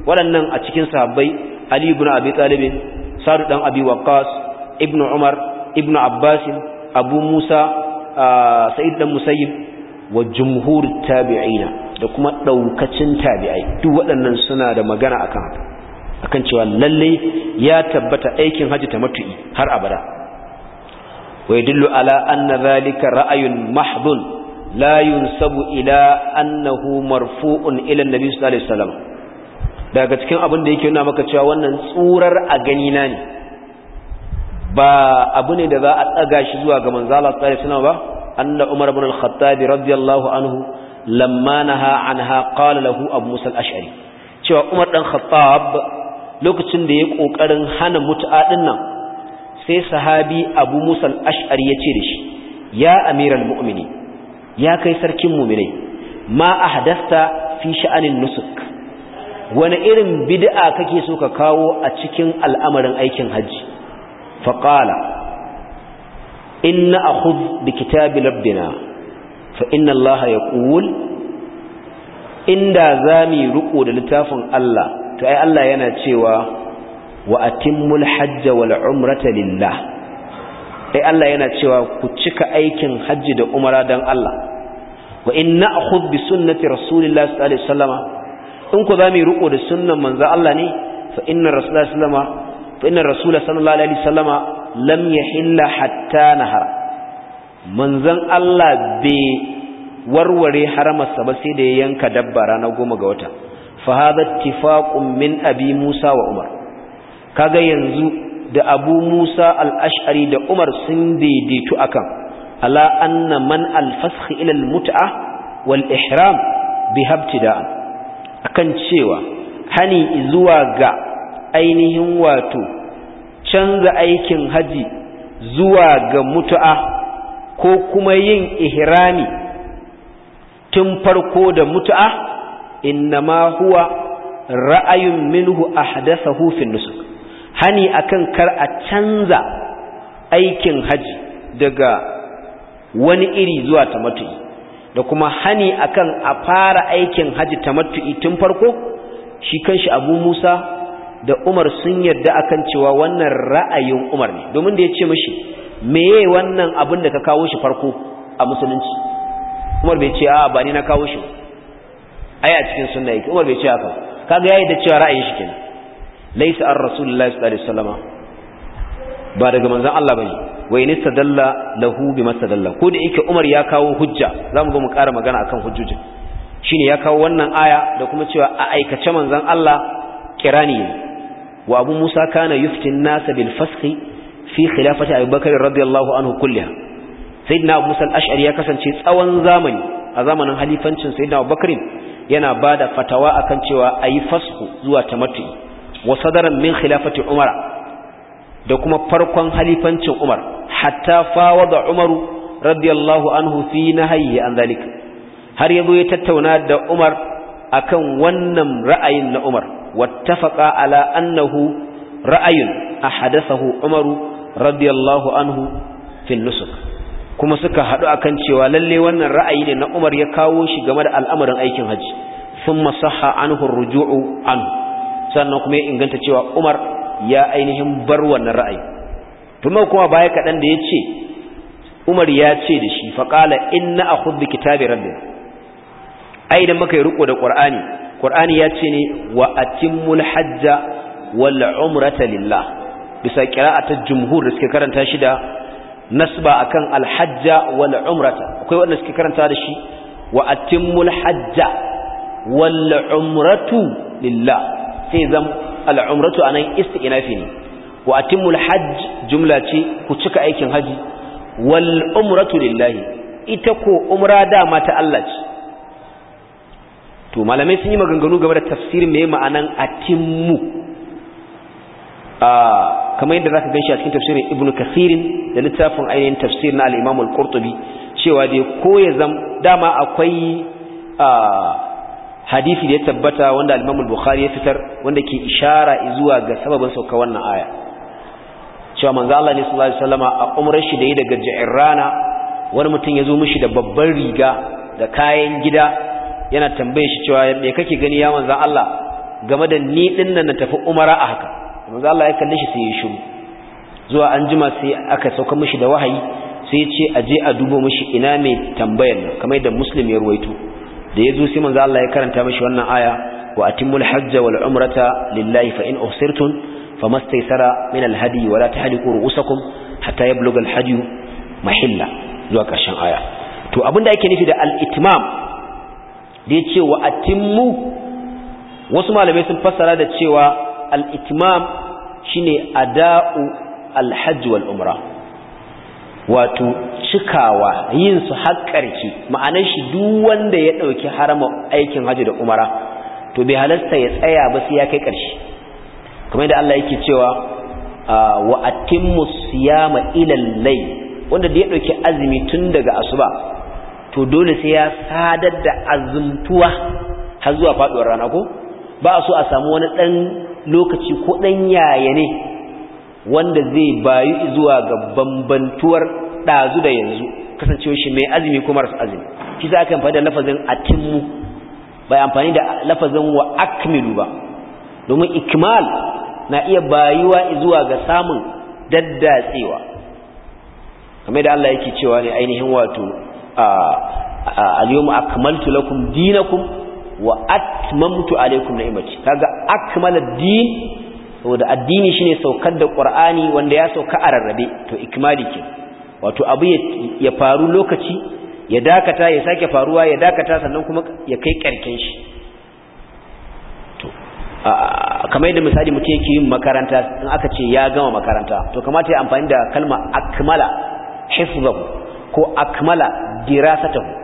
waɗannan a cikin sahabbai Ali ibn Abi Talib sadu dan abi waqas ibnu umar ibnu abbas abu musa ah, sa'id dan musayyib wa jumhur tabi'ina da kuma daukacin tabi'ai duk waɗannan suna da magana akan akan cewa lalle ya tabbata aikin haji ta matu'i har abada wa yadullu ala anna zalika ra'ayun mahdun la yunsabu ila annahu marfu'un ila nabi sallallahu alaihi wasallam daga cikin abin da yake nuna maka cewa wannan tsurar a gani na ne ba abu ne da za a tsaga shi zuwa ga manzala tsari suna ba anna umar ibn al-khattab radiyallahu anhu lamma naha anha qala lahu abu musa al-ash'ari cewa umar dan khattab lokacin da ya kokarin hana mut'a din nan sai sahabi abu musa al-ash'ari ya ce da shi ya amiral mu'mini ya kai sarkin mu'minai ma ahdasta fi sha'anin nusuk wani irin bid'a kake so ka kawo a cikin al'amarin aikin hajji faqala inna akhudh bi kitabi rabbina fa inna allaha yaqul inda zami ruko da littafin Allah to ai Allah yana cewa wa atimmul hajj wal umrata lillah ai Allah yana cewa ku cika aikin hajji da umara dan Allah wa inna akhudh bi sunnati rasulillahi sallallahu alaihi wasallama in ku za mu yi riko da sunnan manzo Allah ne fa inna rasulullahi sallama fa inna sallallahu alaihi wasallama lam yahilla hatta nahara manzon Allah bai warware haramarsa ba sai da ya yanka dabba ranar goma ga wata fa hadha ittifaqun min abi Musa wa Umar kaga yanzu da abu musa ash'ari da umar sun daidaitu akan ala anna man alfashi ilal mut'a wal ihram bi habtida'an akan cewa hani zuwa ga ainihin wato canza aikin haji zuwa ga mutu'a ko kuma yin ihrami tun farko da mutu'a innama huwa ra'ayun minhu ahdathahu fi nusuk hani akan kar a canza aikin haji daga wani iri zuwa ta tamattu da kuma hani akan a fara aikin haji tamattu'i tun farko shi kanshi Abu Musa da Umar sun yarda akan cewa wannan ra'ayin Umar ne domin da ya ce mishi meye wannan abin da ka kawo shi farko a musulunci Umar bai ce a ba ni na kawo shi ai a cikin sunna yake Umar bai ce haka kaga yayi da cewa ra'ayin shi kenan laysa ar-rasulullahi sallallahu alaihi wasallam ba daga manzon Allah bane wa in istadalla lahu bi mastadalla ko da yake Umar ya kawo hujja zamu ga mu ƙara magana akan hujjojin shine ya kawo wannan aya da kuma cewa a aikace manzon Allah kirani wa Abu Musa kana yuftin nas bil fasqi fi khilafati Abu Bakr radiyallahu anhu kulliha sayyidina Abu Musa al-Ash'ari ya kasance tsawon zamani a zamanin halifancin sayyidina Abu Bakr yana bada fatawa akan cewa ayi fasqu zuwa tamattu wa sadaran min khilafati Umar da kuma farkon halifancin Umar hatta fawada Umaru radiyallahu anhu fi nahyi an zalika har yazo ya tattauna da Umar akan wannan ra'ayin na Umar wattafaqa ala annahu ra'ayun ahadathahu Umaru radiyallahu anhu fi nusuk kuma suka hadu akan cewa lalle wannan ra'ayi ne na Umar ya kawo shi game da al'amarin aikin hajji thumma sahha anhu ar-ruju'u anhu sannan kuma ya inganta cewa Umar ya ainihin bar wannan ra'ayi tuma kuma baya kaɗan da ya ce umar ya ce da shi faƙala inna a hudu kitabi rabbin A idan muka yi riko da ƙwar'ani ƙwar'ani ya ce ne wa atimul hajja wal umrata lillah bisa a ta jumhur da suke karanta shi da nasba akan alhajja wal umrata akwai wanda suke karanta da shi wa atimul hajja wal umratu lillah sai al'umratu anan fi ne wa atimul hajj jumla ce ku cika aikin haji walumratu lillahi ita ko umra dama ta Allah ce to malamai sun yi maganganu game da tafsirin mai ma'anan atimmu a kamar yadda zaka ganshi a cikin tafsirin ibn kasirin da littafin ainihin tafsir na alimamul cewa dai ko ya zama dama akwai hadisi da ya tabbata wanda al-Imam bukhari ya fitar wanda ke ishara zuwa ga sababin sauka wannan aya cewa manzo Allah ne sallallahu alaihi wasallama a umrar shi da yi daga Ja'irana wani mutum ya zo mishi da babban riga da kayan gida yana tambaye shi cewa me kake gani ya manzo Allah game da ni din nan na tafi umara a haka manzo Allah ya kalle shi sai ya shiru zuwa anjima sai aka sauka mishi da wahayi sai ya ce aje a dubo mishi ina mai tambayar nan kamar da muslim ya ruwaito da yazo sai manzo Allah ya karanta mishi wannan aya wa atimul hajja wal umrata lillahi fa in uhsirtum famastaysara min al hadi wa la tahliqu ru'usakum hatta yablugha al hadi mahilla zuwa karshen aya to abinda yake nufi da al itmam da yace wa atimmu wasu malamai sun fassara da cewa al itmam shine ada'u al hajj wal umrah wato cikawa yin su hakkarki ma'anar shi duk wanda ya ɗauki harama aikin hajji da umara to bai halasta ya tsaya ba sai ya kai ƙarshe kamar da Allah yake cewa ah, wa atimmu siyama ila lay wanda da ya ɗauki azumi tun daga asuba to dole sai ya sadar da azumtuwa har zuwa faduwar rana ko ba a so a samu wani dan lokaci ko dan yaya ne wanda zai bayu zuwa ga bambantuwar ɗazu da yanzu kasancewa shi mai azumi kuma rasu azumi shi za ka amfani da lafazin atimmu bai amfani da lafazin wa akmilu ba domin ikmal na iya bayuwa zuwa ga samun daddatsewa kame da Allah yake cewa ne ainihin wato al-yawma akmaltu lakum dinakum wa atmamtu alaykum ni'mati kaga akmala din saboda addini shine saukar da qur'ani wanda ya sauka a rarrabe to ikmali ke wato abu ya faru lokaci ya dakata ya sake faruwa ya dakata sannan kuma ya kai karken shi to kamar yadda misali mutum yake yin makaranta in aka ce ya gama makaranta to kamata ya amfani da kalma akmala hifzahu ko akmala dirasatahu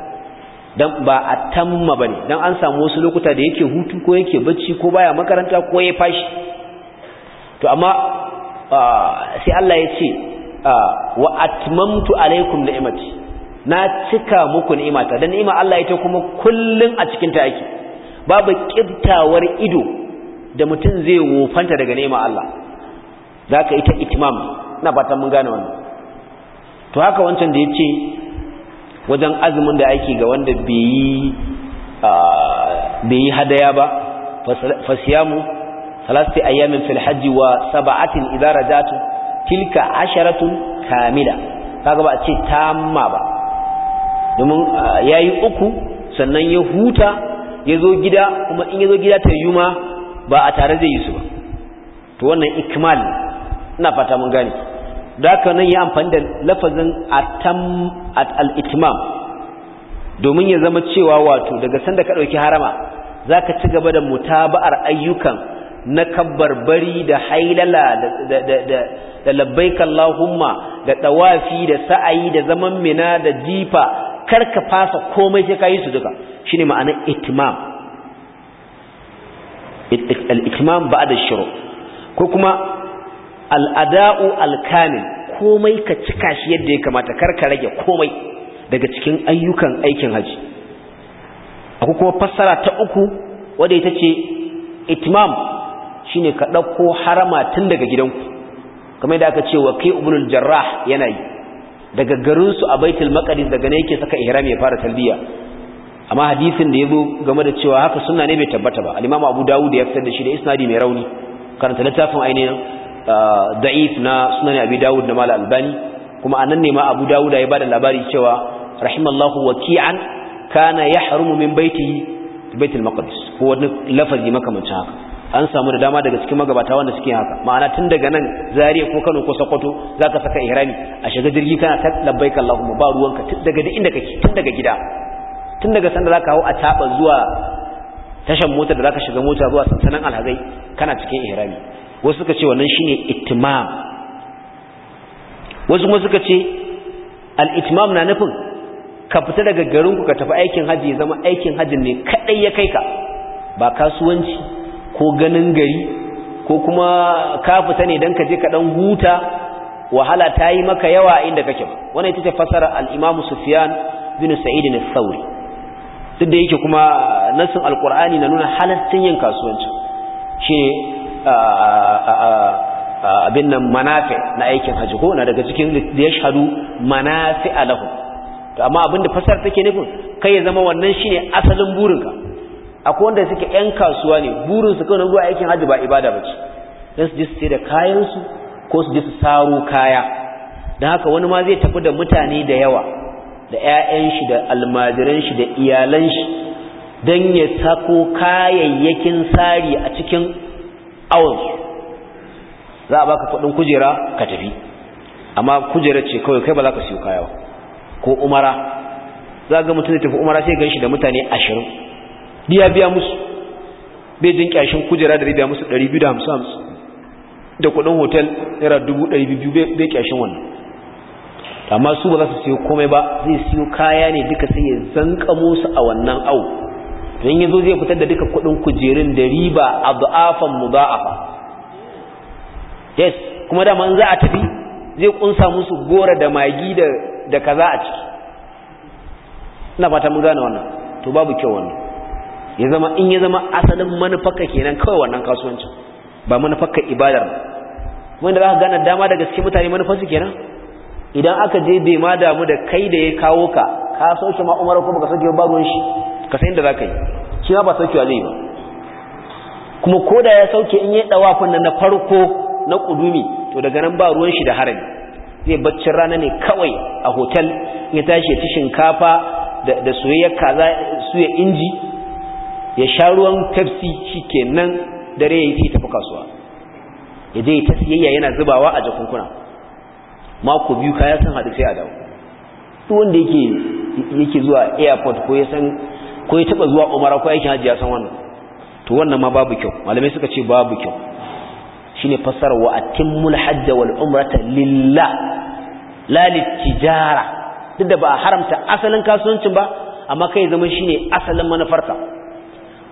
dan ba a tamma bane dan an samu wasu lokuta da yake hutu ko yake bacci ko baya makaranta ko ya fashi to amma sai Allah ya ce wa atmamtu alaikum ni'mati na cika muku ni'imata dan ni'ima Allah ita kuma kullun a cikin ta yake babu kibtawar ido da mutum zai wofanta daga ni'ima Allah zaka ita itmam ina fata mun gane wannan to haka wancan da yace wajen azumin da ake ga wanda bai yi bai yi hadaya ba fasiyamu ثلاثة أيام في الحج وسبعة إذا رجعت تلك عشرة كاملة kaga ba a ce ba domin yayi uku sannan ya huta ya zo gida kuma in ya zo gida ta yi ba a tare da yi su ba to wannan ikmal ina fata mun gane da haka nan ya amfani da lafazin atam at al-itmam domin ya zama cewa wato daga sanda ka dauki harama zaka ci gaba da mutaba'ar ayyukan na kabbar bari da hailala da labbaik Allahumma da tawafi da sa'ayi da zaman mina da jifa karka fasa komai sai kai su duka shine ma'anar itimam al-itimam ba'da shuru ko kuma al-ada'u al-kamil komai ka cika shi yadda ya kamata karka rage komai daga cikin ayyukan aikin haji akwai kuma fassara ta uku wadda ita ce itimam shine ka ɗauko harama tun daga gidanku kamar yadda aka ce wa kai ibnul jarrah yana yi daga garinsu a baitul maqdis daga ne yake saka ihram ya fara talbiya amma hadisin da yazo game da cewa haka sunna ne bai tabbata ba al-imamu abu daud ya fitar da shi da isnadi mai rauni karanta littafin ainihin ah, da'if na sunan abi daud da mal albani kuma anan ne ma abu daud ya bada labari cewa rahimallahu waki'an kana yahrumu min baitihi baitul maqdis ko wani lafazi makamancin haka an samu da dama daga cikin magabata wanda suke haka ma'ana tun daga nan zariya ko kano ko sokoto za ka saka ihrami a shiga jirgi kana ta labbaik allahumma ba ruwanka tun daga inda kake tun daga gida tun daga sanda za ka hau a taɓa zuwa tashan mota da za ka shiga mota zuwa sansanin alhazai kana cikin ihrami wasu suka ce wannan shine itimam wasu kuma suka ce al-itimam na nufin ka fita daga garinku ka tafi aikin haji zama aikin hajji ne kadai ya kai ka ba kasuwanci ko ganin gari ko kuma ka fita ne don ka je ka ɗan huta wahala ta yi maka yawa inda kake ba wannan ita ce fasara al-imamu sufyan bin sa'id bin thawri duk da yake kuma nasin alqur'ani na nuna halaccin yin kasuwanci shi abin nan manafi na aikin haji ko na daga cikin da ya shahadu manafi alahu to amma abin da fasar take nufin kai ya zama wannan shine asalin burinka akwai wanda suke yan kasuwa ne burin su kawai zuwa aikin hajji ba ibada bace dan su je su da kayan su ko su je su saro kaya dan haka wani ma zai tafi da mutane da yawa da ƴaƴan shi da almajiran shi da iyalan shi dan ya sako kayayyakin sari a cikin awon za a baka kudin kujera ka tafi amma kujera ce kawai kai ba za ka siyo kaya ba ko umara za ga mutum zai tafi umara sai gan shi da mutane ashirin ya biya musu bai jin kyashin kujera da biya musu 250 da kudin hotel naira 2200 bai kyashin wannan amma su ba za su siyo komai ba zai siyo kaya ne duka sai ya zankamo su a wannan au don yi zo zai fitar da duka kudin kujerun da riba a ba'afan mu za'afa yes kuma da in za a tafi zai kunsa musu gora da magi da kaza a ciki ina fata mun gane wannan to babu kyau wannan ya zama in ya zama asalin manufarka kenan kawai wannan kasuwancin ba manufarka ibadar ba wanda za ka gane dama daga cikin mutane manufarsu kenan idan aka je bai ma damu da kai da ya kawo ka ka sauke ma umar ko baka sauke ba ruwan shi ka san inda za ka yi shi ba ba wa zai ba kuma ko da ya sauke in ya dawa kunnan na farko na kudumi to daga nan ba ruwan shi da harami zai baccin rana ne kawai a hotel ya tashi ya ci shinkafa da soyayyar kaza suya inji ya sha ruwan pepsi nan dare yi sai tafi kasuwa ya je ta siyayya yana zubawa a jakunkuna mako biyu kaya sun hadu sai a dawo duk wanda yake zuwa airport ko ya san ko ya taba zuwa umara ko aikin hajji ya san wannan to wannan ma babu kyau malamai suka ce babu kyau shine fassarar wa atimmul hajj wal umrata lillah la litijara duk da ba haramta asalin kasuwancin ba amma kai zama shine asalin manufarka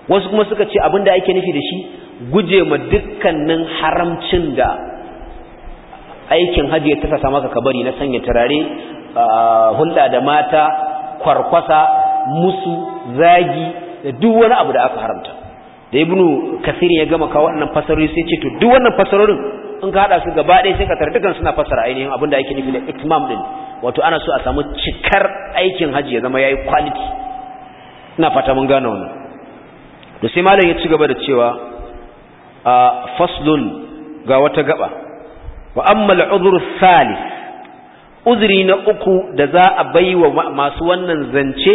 wasu kuma suka ce abinda ake nufi da shi guje ma dukkanin haramcin da aikin hajji ya tasa maka kabari na sanya turare hulɗa da mata kwarkwasa musu zagi da duk wani abu da aka haramta da ibn kasir ya gama kawo wannan fasarori sai ce to duk wannan fasarorin in ka hada su gaba ɗaya sai ka tar dukan suna fasara ainihin abin da ake nufi da itmam din wato ana so a samu cikar aikin hajji ya zama yayi quality ina fata mun gane wannan da sai malam ya ci gaba da cewa a faslun ga wata gaba wa ammal udhru salis udhri na uku da za a baiwa masu wannan zance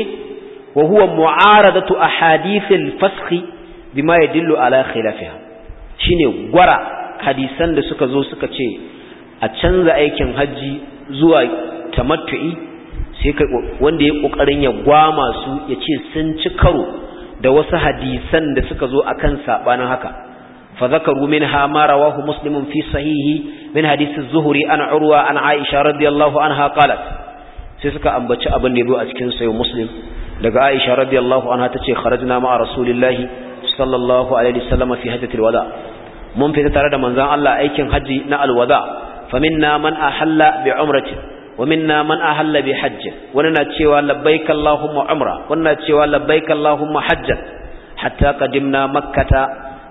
wa huwa mu'aradatu ahadithil fasxi bima yadullu ala khilafiha shine gwara hadisan da suka zo suka ce a canza aikin haji zuwa tamattu'i sai wanda ya kokarin ya gwa masu yace sun ci karo da wasu hadisan da suka zo a akan sabanin haka fa zakaru minha ma rawahu muslim fi sahihi min hadith zuhuri zuhri an urwa an aisha radiyallahu anha qalat sai suka ambaci abin da yabo a cikin sayo muslim daga aisha radiyallahu anha tace kharajna ma'a rasulillahi sallallahu alaihi wasallam fi hajjatil wada mun fita tare da manzon Allah aikin hajji na alwada faminna man ahalla bi umratin wa minna man ahalla bi hajj wani na cewa labbaik allahumma umra wani na cewa makkata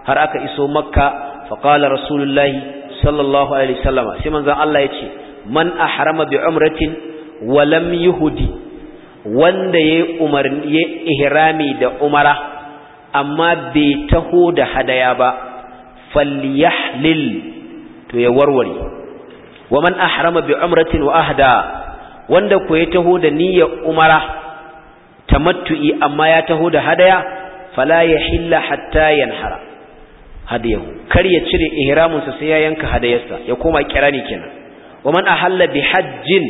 har aka iso makka fa qala rasulullahi sallallahu alaihi wasallam sai manzon Allah ya ce man ahrama bi umratin wa lam yuhdi wanda ya umarni yayi ihrami da umara amma bai taho da hadaya ba falyahlil to ya warware wa man ahrama bi umratin ahda wanda ku ya taho da niyyar umara tamattu'i amma ya taho da hadaya fala yahilla hatta yanhara Hadiyahu, kar ya cire ihramin sa sai ya yanka hadayarsa ya koma kirani kenan wa man ahalla bi hajjin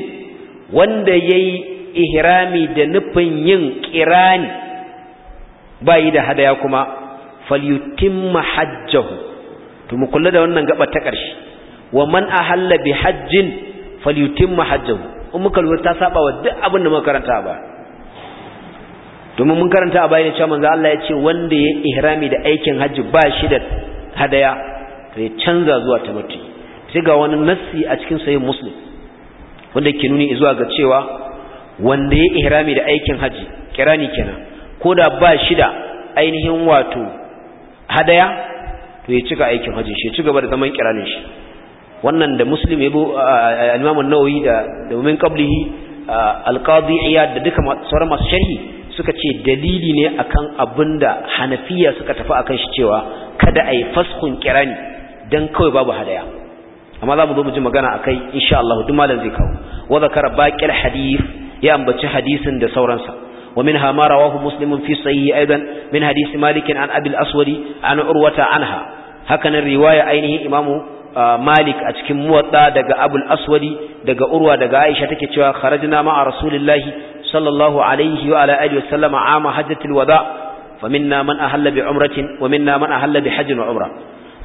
wanda yayi ihrami da nufin yin kirani bayi da hadaya kuma falyutimma hajjahu to mu kula da wannan gaba ta ƙarshe wa man ahalla bi hajjin falyutimma hajjahu in muka lura ta saba wa duk abin da muka karanta ba domin mun karanta a bayan cewa manzo Allah ya ce wanda ya ihrami da aikin hajji ba shi da hadaya to ya canza zuwa tamattu sai ga wani nassi a cikin sahih muslim wanda ke nuni zuwa ga cewa wanda ya ihrami da aikin hajji kirani kenan koda ba shi da ainihin wato hadaya to ya cika aikin hajji shi ya ci gaba da zaman kiranin shi wannan da muslim yabo al-imam an-nawawi da domin qablihi al-qadi iyad da duka sauran masu sharhi suka ce dalili ne akan abinda hanafiya suka tafi akan shi cewa kada ai faskun kirani dan kawai babu hadaya amma za mu zo mu ji magana akai insha Allah duk malam zai kawo wa zakara baqil hadith ya ambaci hadisin da sauransa ومنها ما رواه مسلم في صحيح أيضا من حديث مالك عن أبي الأسود عن عروة عنها هكذا الرواية أينه إمام malik a cikin muwatta daga abul aswadi daga urwa daga aisha take cewa kharajna ma'a rasulillahi sallallahu alaihi wa ala alihi wa sallama ama hajjatul wada faminna man ahalla bi umratin wa minna man ahalla bi hajjin wa umra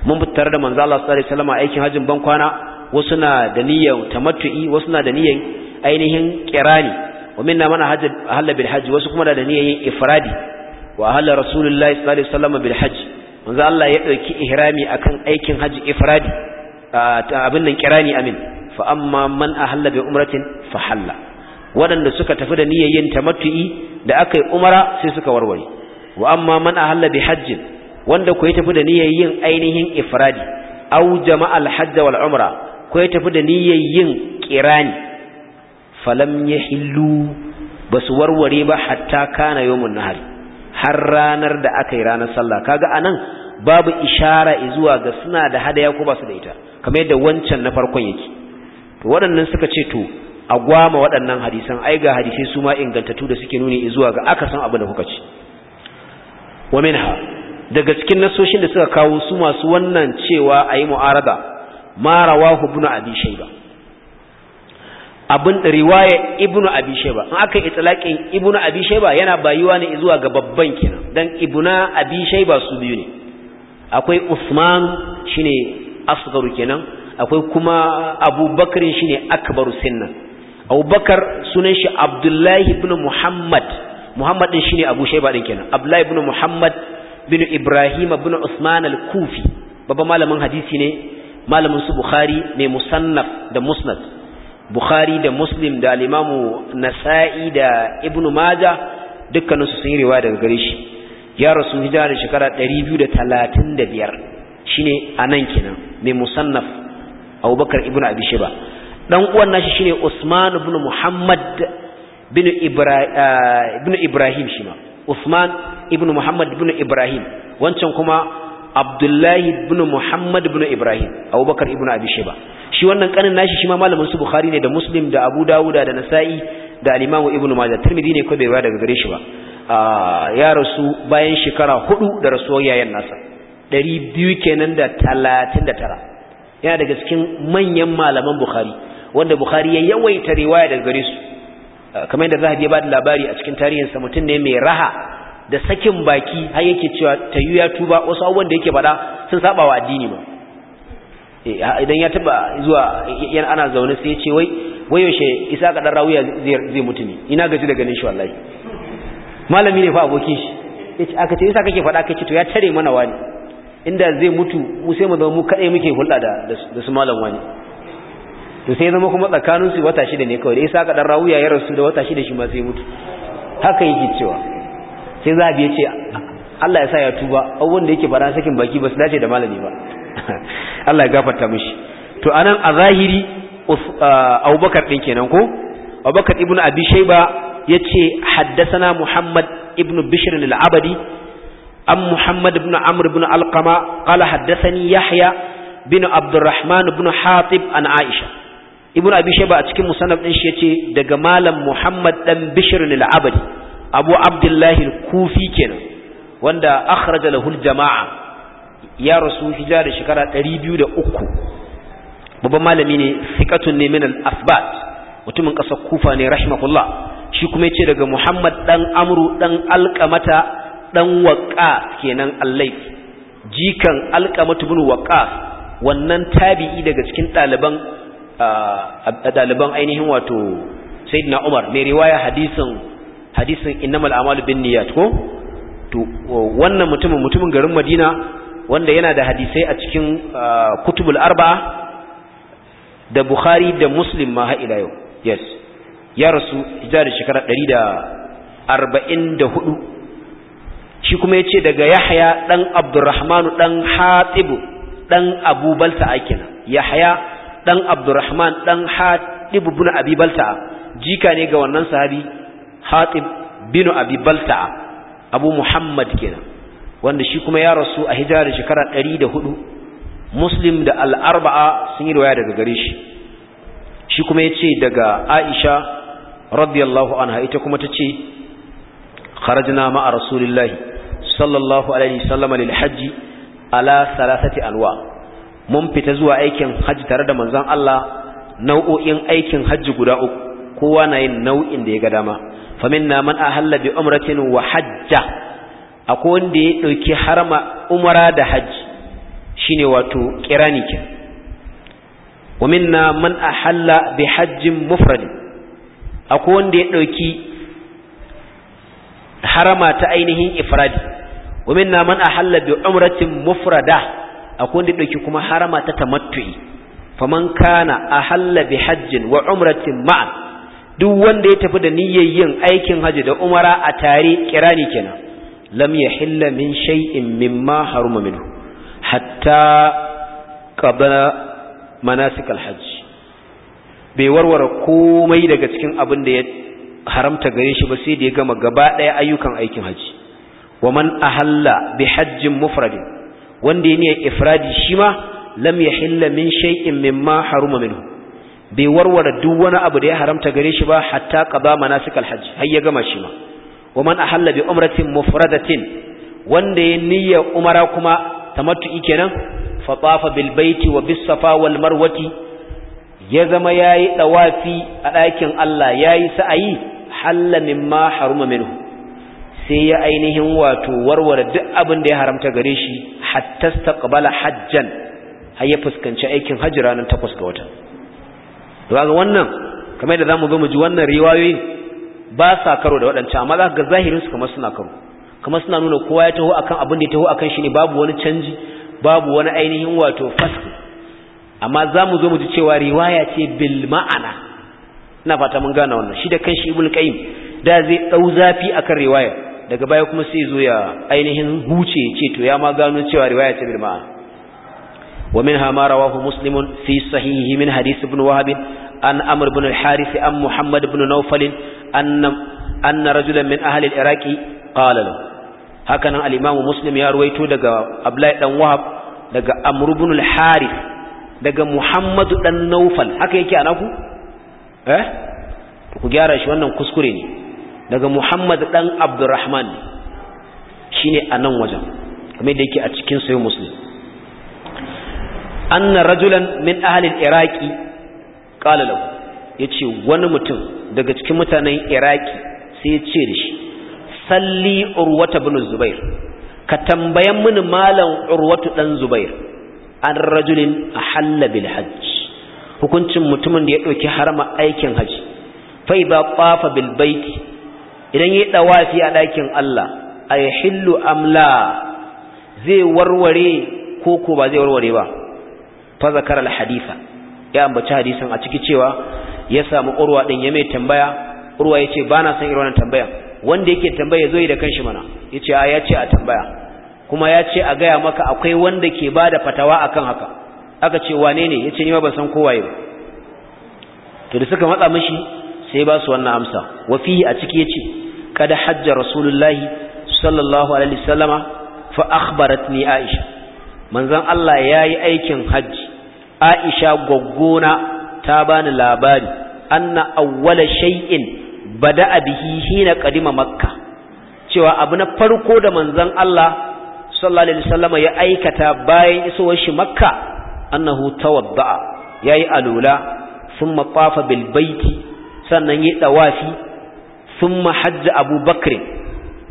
mun fitar da manzo Allah sallallahu alaihi wa sallama aikin hajjin ban kwana wasu na da niyyar tamattu'i wasu na da niyyar ainihin kirani wa minna man ahalla bil hajj wasu kuma da niyyar ifradi wa ahalla rasulillahi sallallahu alaihi wa sallama bil hajj manzo Allah ya dauki ihrami akan aikin hajji ifradi abin nan kirani amin fa amma man ahalla bi umratin fa halla waɗanda suka tafi da niyyar yin tamattu'i da aka yi umara sai suka warware wa amma man ahalla bi hajjin wanda ko tafi da niyyar yin ainihin ifradi aw jama'al hajj wal umra ko ya tafi da niyyar yin kirani falam yahillu basu warware ba hatta kana yawmun nahar har ranar da aka yi ranar sallah kaga anan babu ishara zuwa ga suna da hadaya ko ba su da ita kamar yadda wancan na farkon yake to waɗannan suka ce to a gwama waɗannan hadisan ai ga hadisai su ma ingantattu da suke nuni zuwa ga aka san abin da kuka ci wa minha daga cikin nasoshin da suka kawo su masu wannan cewa ayi mu'arada ma rawahu ibnu abi shayba abin riwaya ibnu abi shayba in aka itlaqin ibnu abi shayba yana bayuwa ne zuwa ga babban kenan dan ibuna abi shayba su biyu ne akwai usman shine asgaru kenan akwai kuma abubakar shine akbaru sinnan abubakar sunan shi abdullahi ibn muhammad muhammad din shine abu shaiba din kenan abdullahi ibn muhammad bin ibrahim ibn usman al-kufi baba malamin hadisi ne malamin su bukhari mai musannaf da musnad bukhari da muslim da al nasa'i da ibn majah dukkaninsu sun yi riwaya daga gare shi ya rasu hijira da shekara 235 shine anan kenan mai musannaf abubakar ibn abi shiba dan uwan nashi shine usman ibn muhammad eh, ibn ibrahim ibn ibrahim shima usman ibn muhammad ibn ibrahim wancan kuma abdullahi ibn muhammad ibn ibrahim abubakar ibn abi shiba shi wannan kanin nashi shi ma malamin su bukhari ne da muslim da abu dawuda da nasa'i da al-imamu ibn majah tirmidhi ne ko bai ba daga gare shi ba ah, ya rasu bayan shekara hudu da rasuwar yayan nasa Dari biyu kenan da talatin da tara yana daga cikin manyan malaman bukhari wanda bukhari ya yawaita riwaya daga gare su ah, kamar yadda zahabi ya ba da labari a cikin tarihinsa mutum ne mai raha da sakin baki har yake cewa tayu ya tuba wasu abubuwan da yake faɗa sun saba wa addini ba eh, idan ya taba zuwa yana ana zaune sai ya ce wai wai yaushe isa ka dan rawuya zai mutu ne ina gaji daga ganin shi wallahi malami ne fa abokin shi yace aka ce isa kake faɗa kace to ya tare mana wani inda zai mutu mu sai mu zama mu kaɗai muke hulɗa da su malam wani to sai zama kuma tsakaninsu wata shida ne kawai da isa ka rawu rawuya ya rasu da wata shida shi ma sai mutu haka yake cewa sai za ya ce Allah ya sa ya tuba abubuwan da yake faɗa sakin baki ba su dace da malami ba [laughs] Allah ya gafarta mishi to anan a zahiri abubakar ɗin kenan ko abubakar ibnu abi shaiba ya ce haddasana muhammad ibnu bishirin al'abadi an muhammad ibn amr ibn alqama qala haddathani yahya bin Abdulrahman bin hatib an aisha ibn abi shayba a cikin musannaf din shi yace daga malam muhammad dan bishr al-abadi abu abdullahi al-kufi kenan wanda akhraja lahu al-jama'a ya rasu hijira da shekara 203 babban malami ne sikatun ne min al mutumin kasar kufa ne rahimahullah shi kuma yace daga Muhammad dan Amru dan Alqamata dan waqas kenan al jikan alqamatu bin waqas wannan tabi'i daga cikin daliban daliban ah, ainihin wato sayyidina umar mai riwaya hadisin hadisin innamal a'malu binniyat ko to wannan mutumin mutumin garin madina wanda yana da hadisai a cikin ah, kutubul arba da bukhari da muslim ma ila yau yes ya rasu hijira da shekara 144 shi kuma yace daga Yahya ɗan Abdurrahman ɗan haɗibu ɗan Abu Balta akina Yahya ɗan Abdurrahman ɗan Hatib Abi jika ne ga wannan sahabi Hatib bin Abi Abu Muhammad kenan wanda shi kuma ya rasu a hijira da shekara hudu muslim da al'arba'a sun yi waya daga gare shi shi kuma ya ce daga aisha radiyallahu anha ita kuma ta ce kharajna a rasulillahi sallallahu alaihi sallama lil hajji ala salasati Alwa mun fita zuwa aikin hajji tare da manzon Allah nau'o'in aikin hajji guda uku kowa na yin nau'in da ya ga dama fa faminna man ahalla bi umratin wa hajja akwai wanda ya dauki harama umara da hajji shine wato kirani ke wa minna man ahalla bi hajjin mufrad akwai wanda ya dauki harama ta ainihin ifradi wa minna man ahalla bi mufrada akwai wanda dauki kuma haramata ta tamattu'i faman kana ahalla hajjin wa umratin ma'an duk wanda ya tafi da niyyar yin aikin hajji da umara a tare kirani kenan lamya yahilla min shay'in mimma haruma minhu hatta qabla manasik alhajj bai warware komai daga cikin abin da ya haramta gare shi ba sai da ya gama gaba ɗaya ayyukan aikin hajji. wa man ahalla bi hajjin mufradin wanda ya niyyar ifradi shi ma lam yahilla min shay'in mimma haruma minhu bai warware duk wani abu da ya haramta gare shi ba hatta qada manasikal hajj har ya gama shi ma wa man ahalla bi umratin mufradatin wanda ya niyyar umara kuma ta kenan fa tafa bil baiti wa bis safa wal marwati ya zama yayi dawafi a ɗakin Allah yayi sa'ayi halla mimma haruma minhu sai ya ainihin wato warware duk abin da ya haramta gare shi hatta staqbala hajjan har ya fuskanci aikin hajji ranar takwas ga wata to ga wannan kamar da zamu zo mu ji wannan riwayoyi ba sa karo da waɗancan amma za ka ga zahirin su kamar suna karo kamar suna nuna kowa ya taho akan abin da ya taho akan shi ne babu wani canji babu wani ainihin wato fasku amma zamu zo mu ji cewa riwaya ce bil ma'ana ina fata mun gane wannan shi da kanshi ibnu qayyim da zai dau zafi akan riwaya daga baya kuma sai zo ya ainihin huce ce to ya ma gano cewa riwaya ta birma. wa minha ma rawahu muslim fi sahihi min hadith ibn wahab an amr ibn al-harith an muhammad ibn nawfal an anna rajulan min ahli al-iraqi qala lahu hakanan al-imam muslim ya ruwaito daga abla dan wahab daga amr ibn al-harith daga muhammad dan nawfal haka yake anaku eh ku gyara shi wannan kuskure ne daga Muhammad dan Abdurrahman shine a nan wajen kamar da yake a cikin sahih Muslim anna rajulan min ahli al-iraqi qala lahu wani mutum daga cikin mutanen iraqi sai ya ce da shi salli urwata ibn zubair ka tambayan mini malam urwatu dan zubair an rajulin ahalla bil hajj hukuncin mutumin da ya ɗauki harama aikin haji fa idza tafa bil idan yi ɗawafi a ɗakin Allah a yi hillu amla zai warware ko ko ba zai warware ba fa zakar al haditha ya ambaci hadisan a ciki cewa ya samu urwa din ya mai tambaya urwa yace na san irin wannan tambayan wanda yake tambaya zo yi da kanshi mana yace a ce a tambaya kuma ya ce a gaya maka akwai wanda ke ba da fatawa akan haka aka ce wane ne yace ni ma ban san kowaye ba to da suka matsa mishi sai ba su wannan amsa wa a ciki yace قد حج رسول الله صلى الله عليه وسلم فأخبرتني عائشة من ذن الله ياي أيكن حج عائشة غغونا تابان لاباري أن أول شيء بدأ به حين قدم مكة cewa abu na farko da manzon Allah sallallahu alaihi wasallam ya aikata bayan isowar shi Makka annahu tawadda yayi alula thumma tafa bil baiti sannan yi dawafi Sun hajja Abu Abubakar.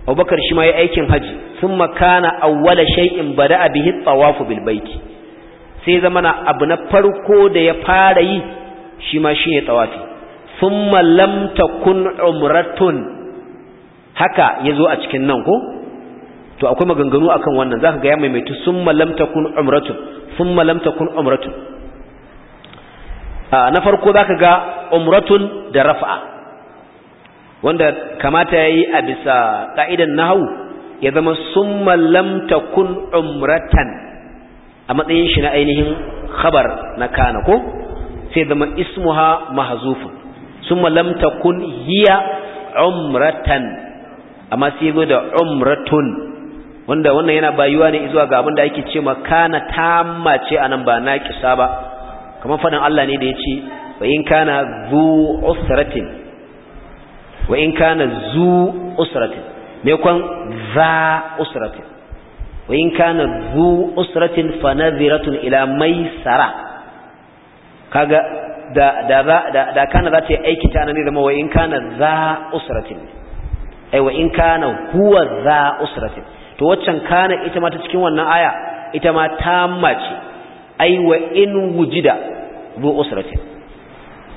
Abu shi ma yi aikin haji thumma kana awwala shay'in bada a bihin tsawafu bilbaiki. Sai zama na abu na farko da ya fara yi shi ma shi ne tsawafi thumma lamta kun umratun haka ya zo a cikin nan ko to akwai maganganu akan wannan za ka gaya maimaitu thumma lam kun umratun thumma lamta kun umratun ah, na farko za ka ga umratun da rafa'a. wanda kamata yayi a bisa ka'idan nahau ya zama summa lam takun umratan a matsayin shi na ainihin khabar na kana ko sai zama ismuha mahzufun summa lam takun hiya umratan amma sai zo da umratun wanda wannan yana bayuwa ne zuwa ga abin da ake ce makana tamma ce anan ba na kisa ba kamar faɗin Allah ne da yace fa in kana zu usratin wa in kana zu usratin me kwan za usratin wa in kana zu usratin fa nadhiratun ila maisara kaga da da da, da kana za ta aiki ta nan zama wa in kana za usratin ai wa in kana huwa za usratin to waccan kana ita ma ta cikin wannan aya ita ma tamma ce ai wa in wujida zu usratin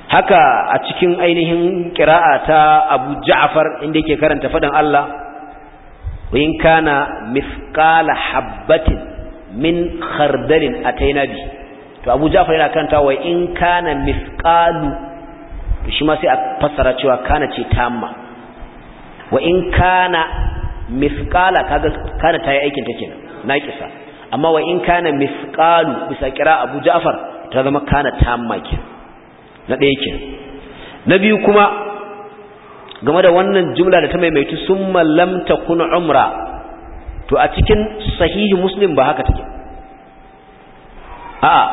haka a cikin ainihin kira'a ta abu ja'afar inda yake karanta faɗin Allah in kana mithqala habbatin min khardalin ataina bi to abu ja'far yana karanta wa in kana mithqalu to shi ma sai a fassara cewa kana ce tamma wa in kana mithqala kaga kana tayi aikin take naqisa amma wa in kana mithqalu bisa kira abu ja'far ta zama kana tamma kenan na ɗaya ke na biyu kuma game da wannan jumla da ta maimaitu sun mallamta kun umra to a cikin sahihi muslim ba haka take a'a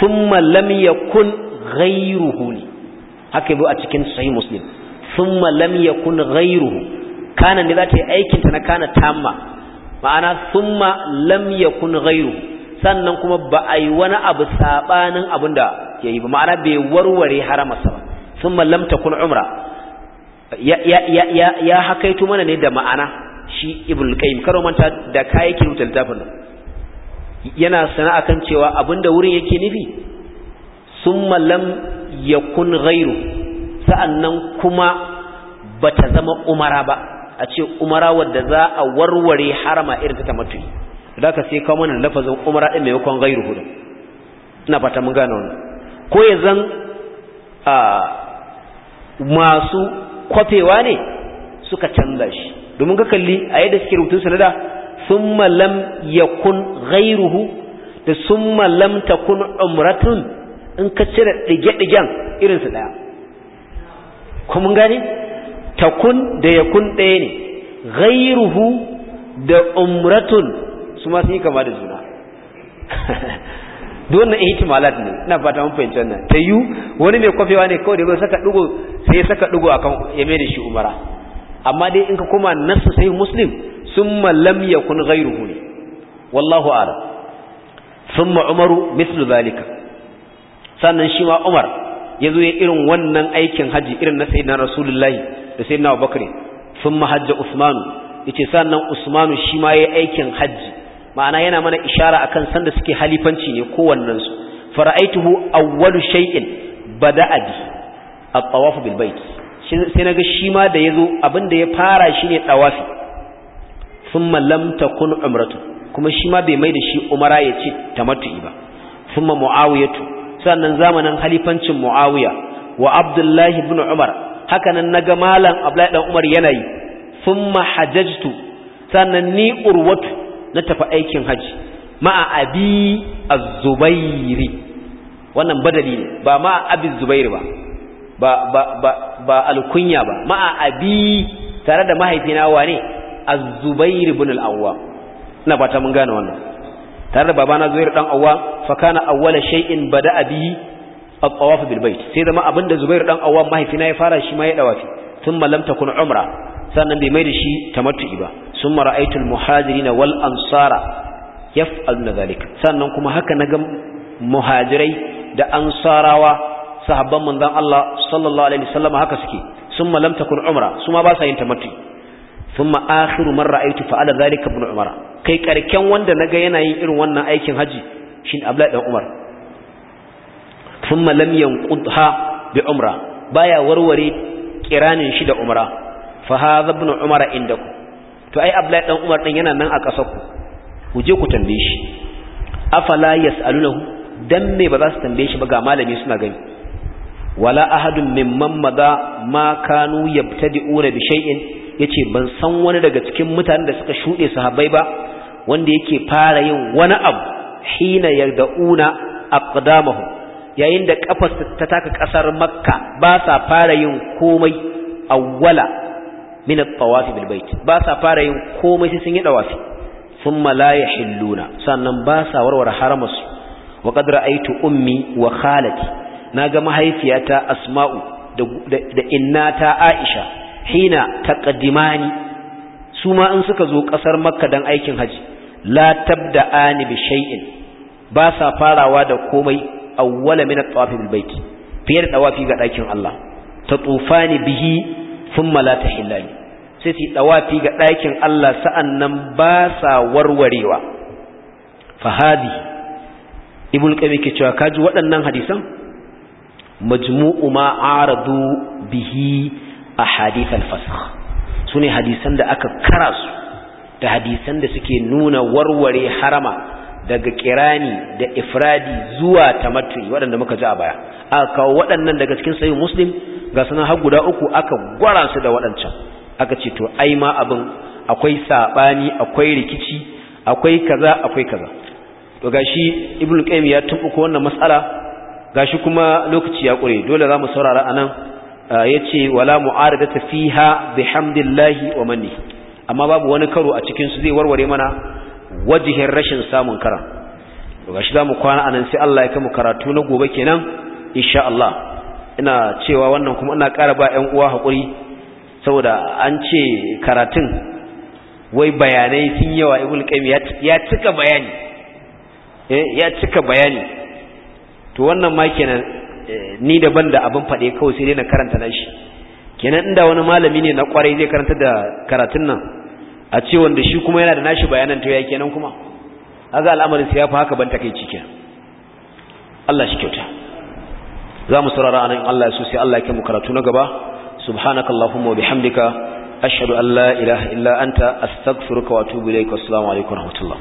ya kun yakun ghayruhu haka yi a cikin sahihi muslim thumma ya kun ghayruhu kana ne ta yi aikinta na kana tamma ma'ana sun mallam ya kun gairu sannan kuma ba a yi wani abu abin abinda yayi ba ma'ana bai warware haramarsa ba sun mallamta kun umra ya ya ya ya mana ne da ma'ana shi ibnu qayyim karo manta da kayakin yake littafin nan yana sana'a kan cewa abinda wurin yake nufi sun ya kun yakun sa'an sa'annan kuma ba ta zama umara ba a ce umara wadda za a warware harama irin ta tamattu'i da ka sai kawo mana lafazin umara din maimakon gairu hudu ina fata mun gane wani ko ya zan masu kwafewa ne suka canza shi domin ga kalli a yadda suke rubutun sanada sun malam ya kun gairuhu da sun malam ta kun umratun in ka cire ɗige-ɗigen irinsu ɗaya kuma gani takun da ya kun ɗaya ne gairuhu da umratun su ma yi kama da juna [laughs] don na eh, ihtimalat ne ina fata mun fahimci wannan ta yu wani mai kwafewa ne kawai da ya saka dugo sai ya saka dugo akan ya mai da shi umara amma dai in ka koma nasu sai muslim summa lam yakun ghayruhu ne wallahu a'lam summa umaru mislu zalika sannan shi ma umar ya zo ya irin wannan aikin haji irin na sayyidina rasulullahi da sayyidina abubakar summa hajja usmanu yace sannan usmanu shi ma yayi aikin hajji. ma'ana yana mana ishara akan sanda suke halifanci ne kowannensu su fara'aituhu awwalu shay'in bada'a bi at-tawaf bil bait sai naga shi ma da yazo abinda ya fara shine tawafi thumma lam takun umratu kuma shi ma bai mai da shi umara ya ce tamattu'i ba thumma muawiyatu sannan zamanin halifancin muawiya wa abdullahi ibn umar hakanan naga malam abdullahi dan umar yanayi. yi thumma hajajtu sannan ni urwatu na tafi aikin hajji. ma'a abi az-zubairi wannan badali ne ba ma'a abi zubairi ba ba ba ba alkunya ba ma'a abi tare da mahaifina wane az-zubair ibn al-awwam ina ba ta mun gane wannan tare da babana zubair dan awwam fa kana awwala shay'in bada'a bihi at-tawaf bil bayt sai zama abinda zubair dan awwam mahaifina ya fara shi ma ya dawafi thumma lam takun umra sannan bai mai da shi tamattu'i ba sun mara aitul muhajirina wal ansara ya yaf'aluna zalika sannan kuma haka na naga muhajirai da ansarawa sahabban manzon Allah sallallahu alaihi wasallam haka suke summa lam takun umra suma ba sa yin tamattu'i summa akhiru man ra'aytu fa'ala zalika ibn umar kai karken wanda naga yana yin irin wannan aikin haji shin abdullahi dan umar sun summa lam yanqudha bi umra baya warware kiranin shi da umra fa hadha ibn umar indaku to ai abdullahi dan umar ɗin yana nan a kasar ku ku je ku tambaye shi afala yasalunahu dan me ba za su tambaye shi ba ga malami suna gani wala ahadun mimman madha ma kanu yabtadi'una bi shay'in yace ban san wani daga cikin mutanen da suka shude sahabbai ba wanda yake fara yin wani abu hina a aqdamahu yayin da kafarsa ta taka kasar makka ba sa fara yin komai awwala min at-tawaf bil bait ba sa fara yin komai sai sun yi dawafi thumma la yahilluna sannan ba sa warware haramarsu wa qad ra'aytu ummi wa khalati naga mahaifiyata asma'u da innata aisha hina taqaddimani su ma in suka zo kasar makka dan aikin haji la ani bi shay'in ba sa farawa da komai awwala min at-tawaf bil bait fiye da dawafi ga dakin Allah ta tufani bihi thumma la tahillani sai su dawafi ga ɗakin Allah sa'annan ba sa warwarewa fa hadi ibnu ke cewa kaji waɗannan hadisan majmu'u ma aradu bihi ahadith fasaha, su sune hadisan da aka karasu da hadisan da suke nuna warware harama daga kirani da ifradi zuwa tamattu'i waɗanda muka ji a baya a kawo waɗannan daga cikin sayin muslim ga sanar har guda uku aka gwara su da waɗancan aka ce to ai ma abin akwai saɓani akwai rikici akwai kaza akwai kaza to ga shi ibn qayyim ya tumbuko wannan mas'ala shi kuma lokaci ya kure dole za mu saurara anan ce wala mu'aradata fiha bihamdillahi wa manni amma babu wani karo a cikin su zai warware mana wajihin rashin samun karan to ga shi za mu kwana anan sai Allah ya kai mu karatu na gobe kenan insha Allah ina cewa wannan kuma ina ƙara ba ƴan uwa haƙuri saboda an ce karatun wai bayanai sun yawa ibul qayyim ya cika bayani eh ya cika bayani to wannan ma kenan eh, ni daban da abin faɗe kawai sai dai na karanta na shi kenan inda wani malami ne na kwarai zai karanta da karatun nan a ce wanda shi kuma yana da nashi bayanan to ya kenan kuma haka al'amarin sai ya fi haka ban takeici kenan Allah shi kyauta za mu saurara anan Allah ya sai Allah ya kai mu karatu na gaba subhanakallahumma wa bihamdika ashhadu an la ilaha illa anta astaghfiruka wa atubu ilaik assalamu alaikum wa rahmatullah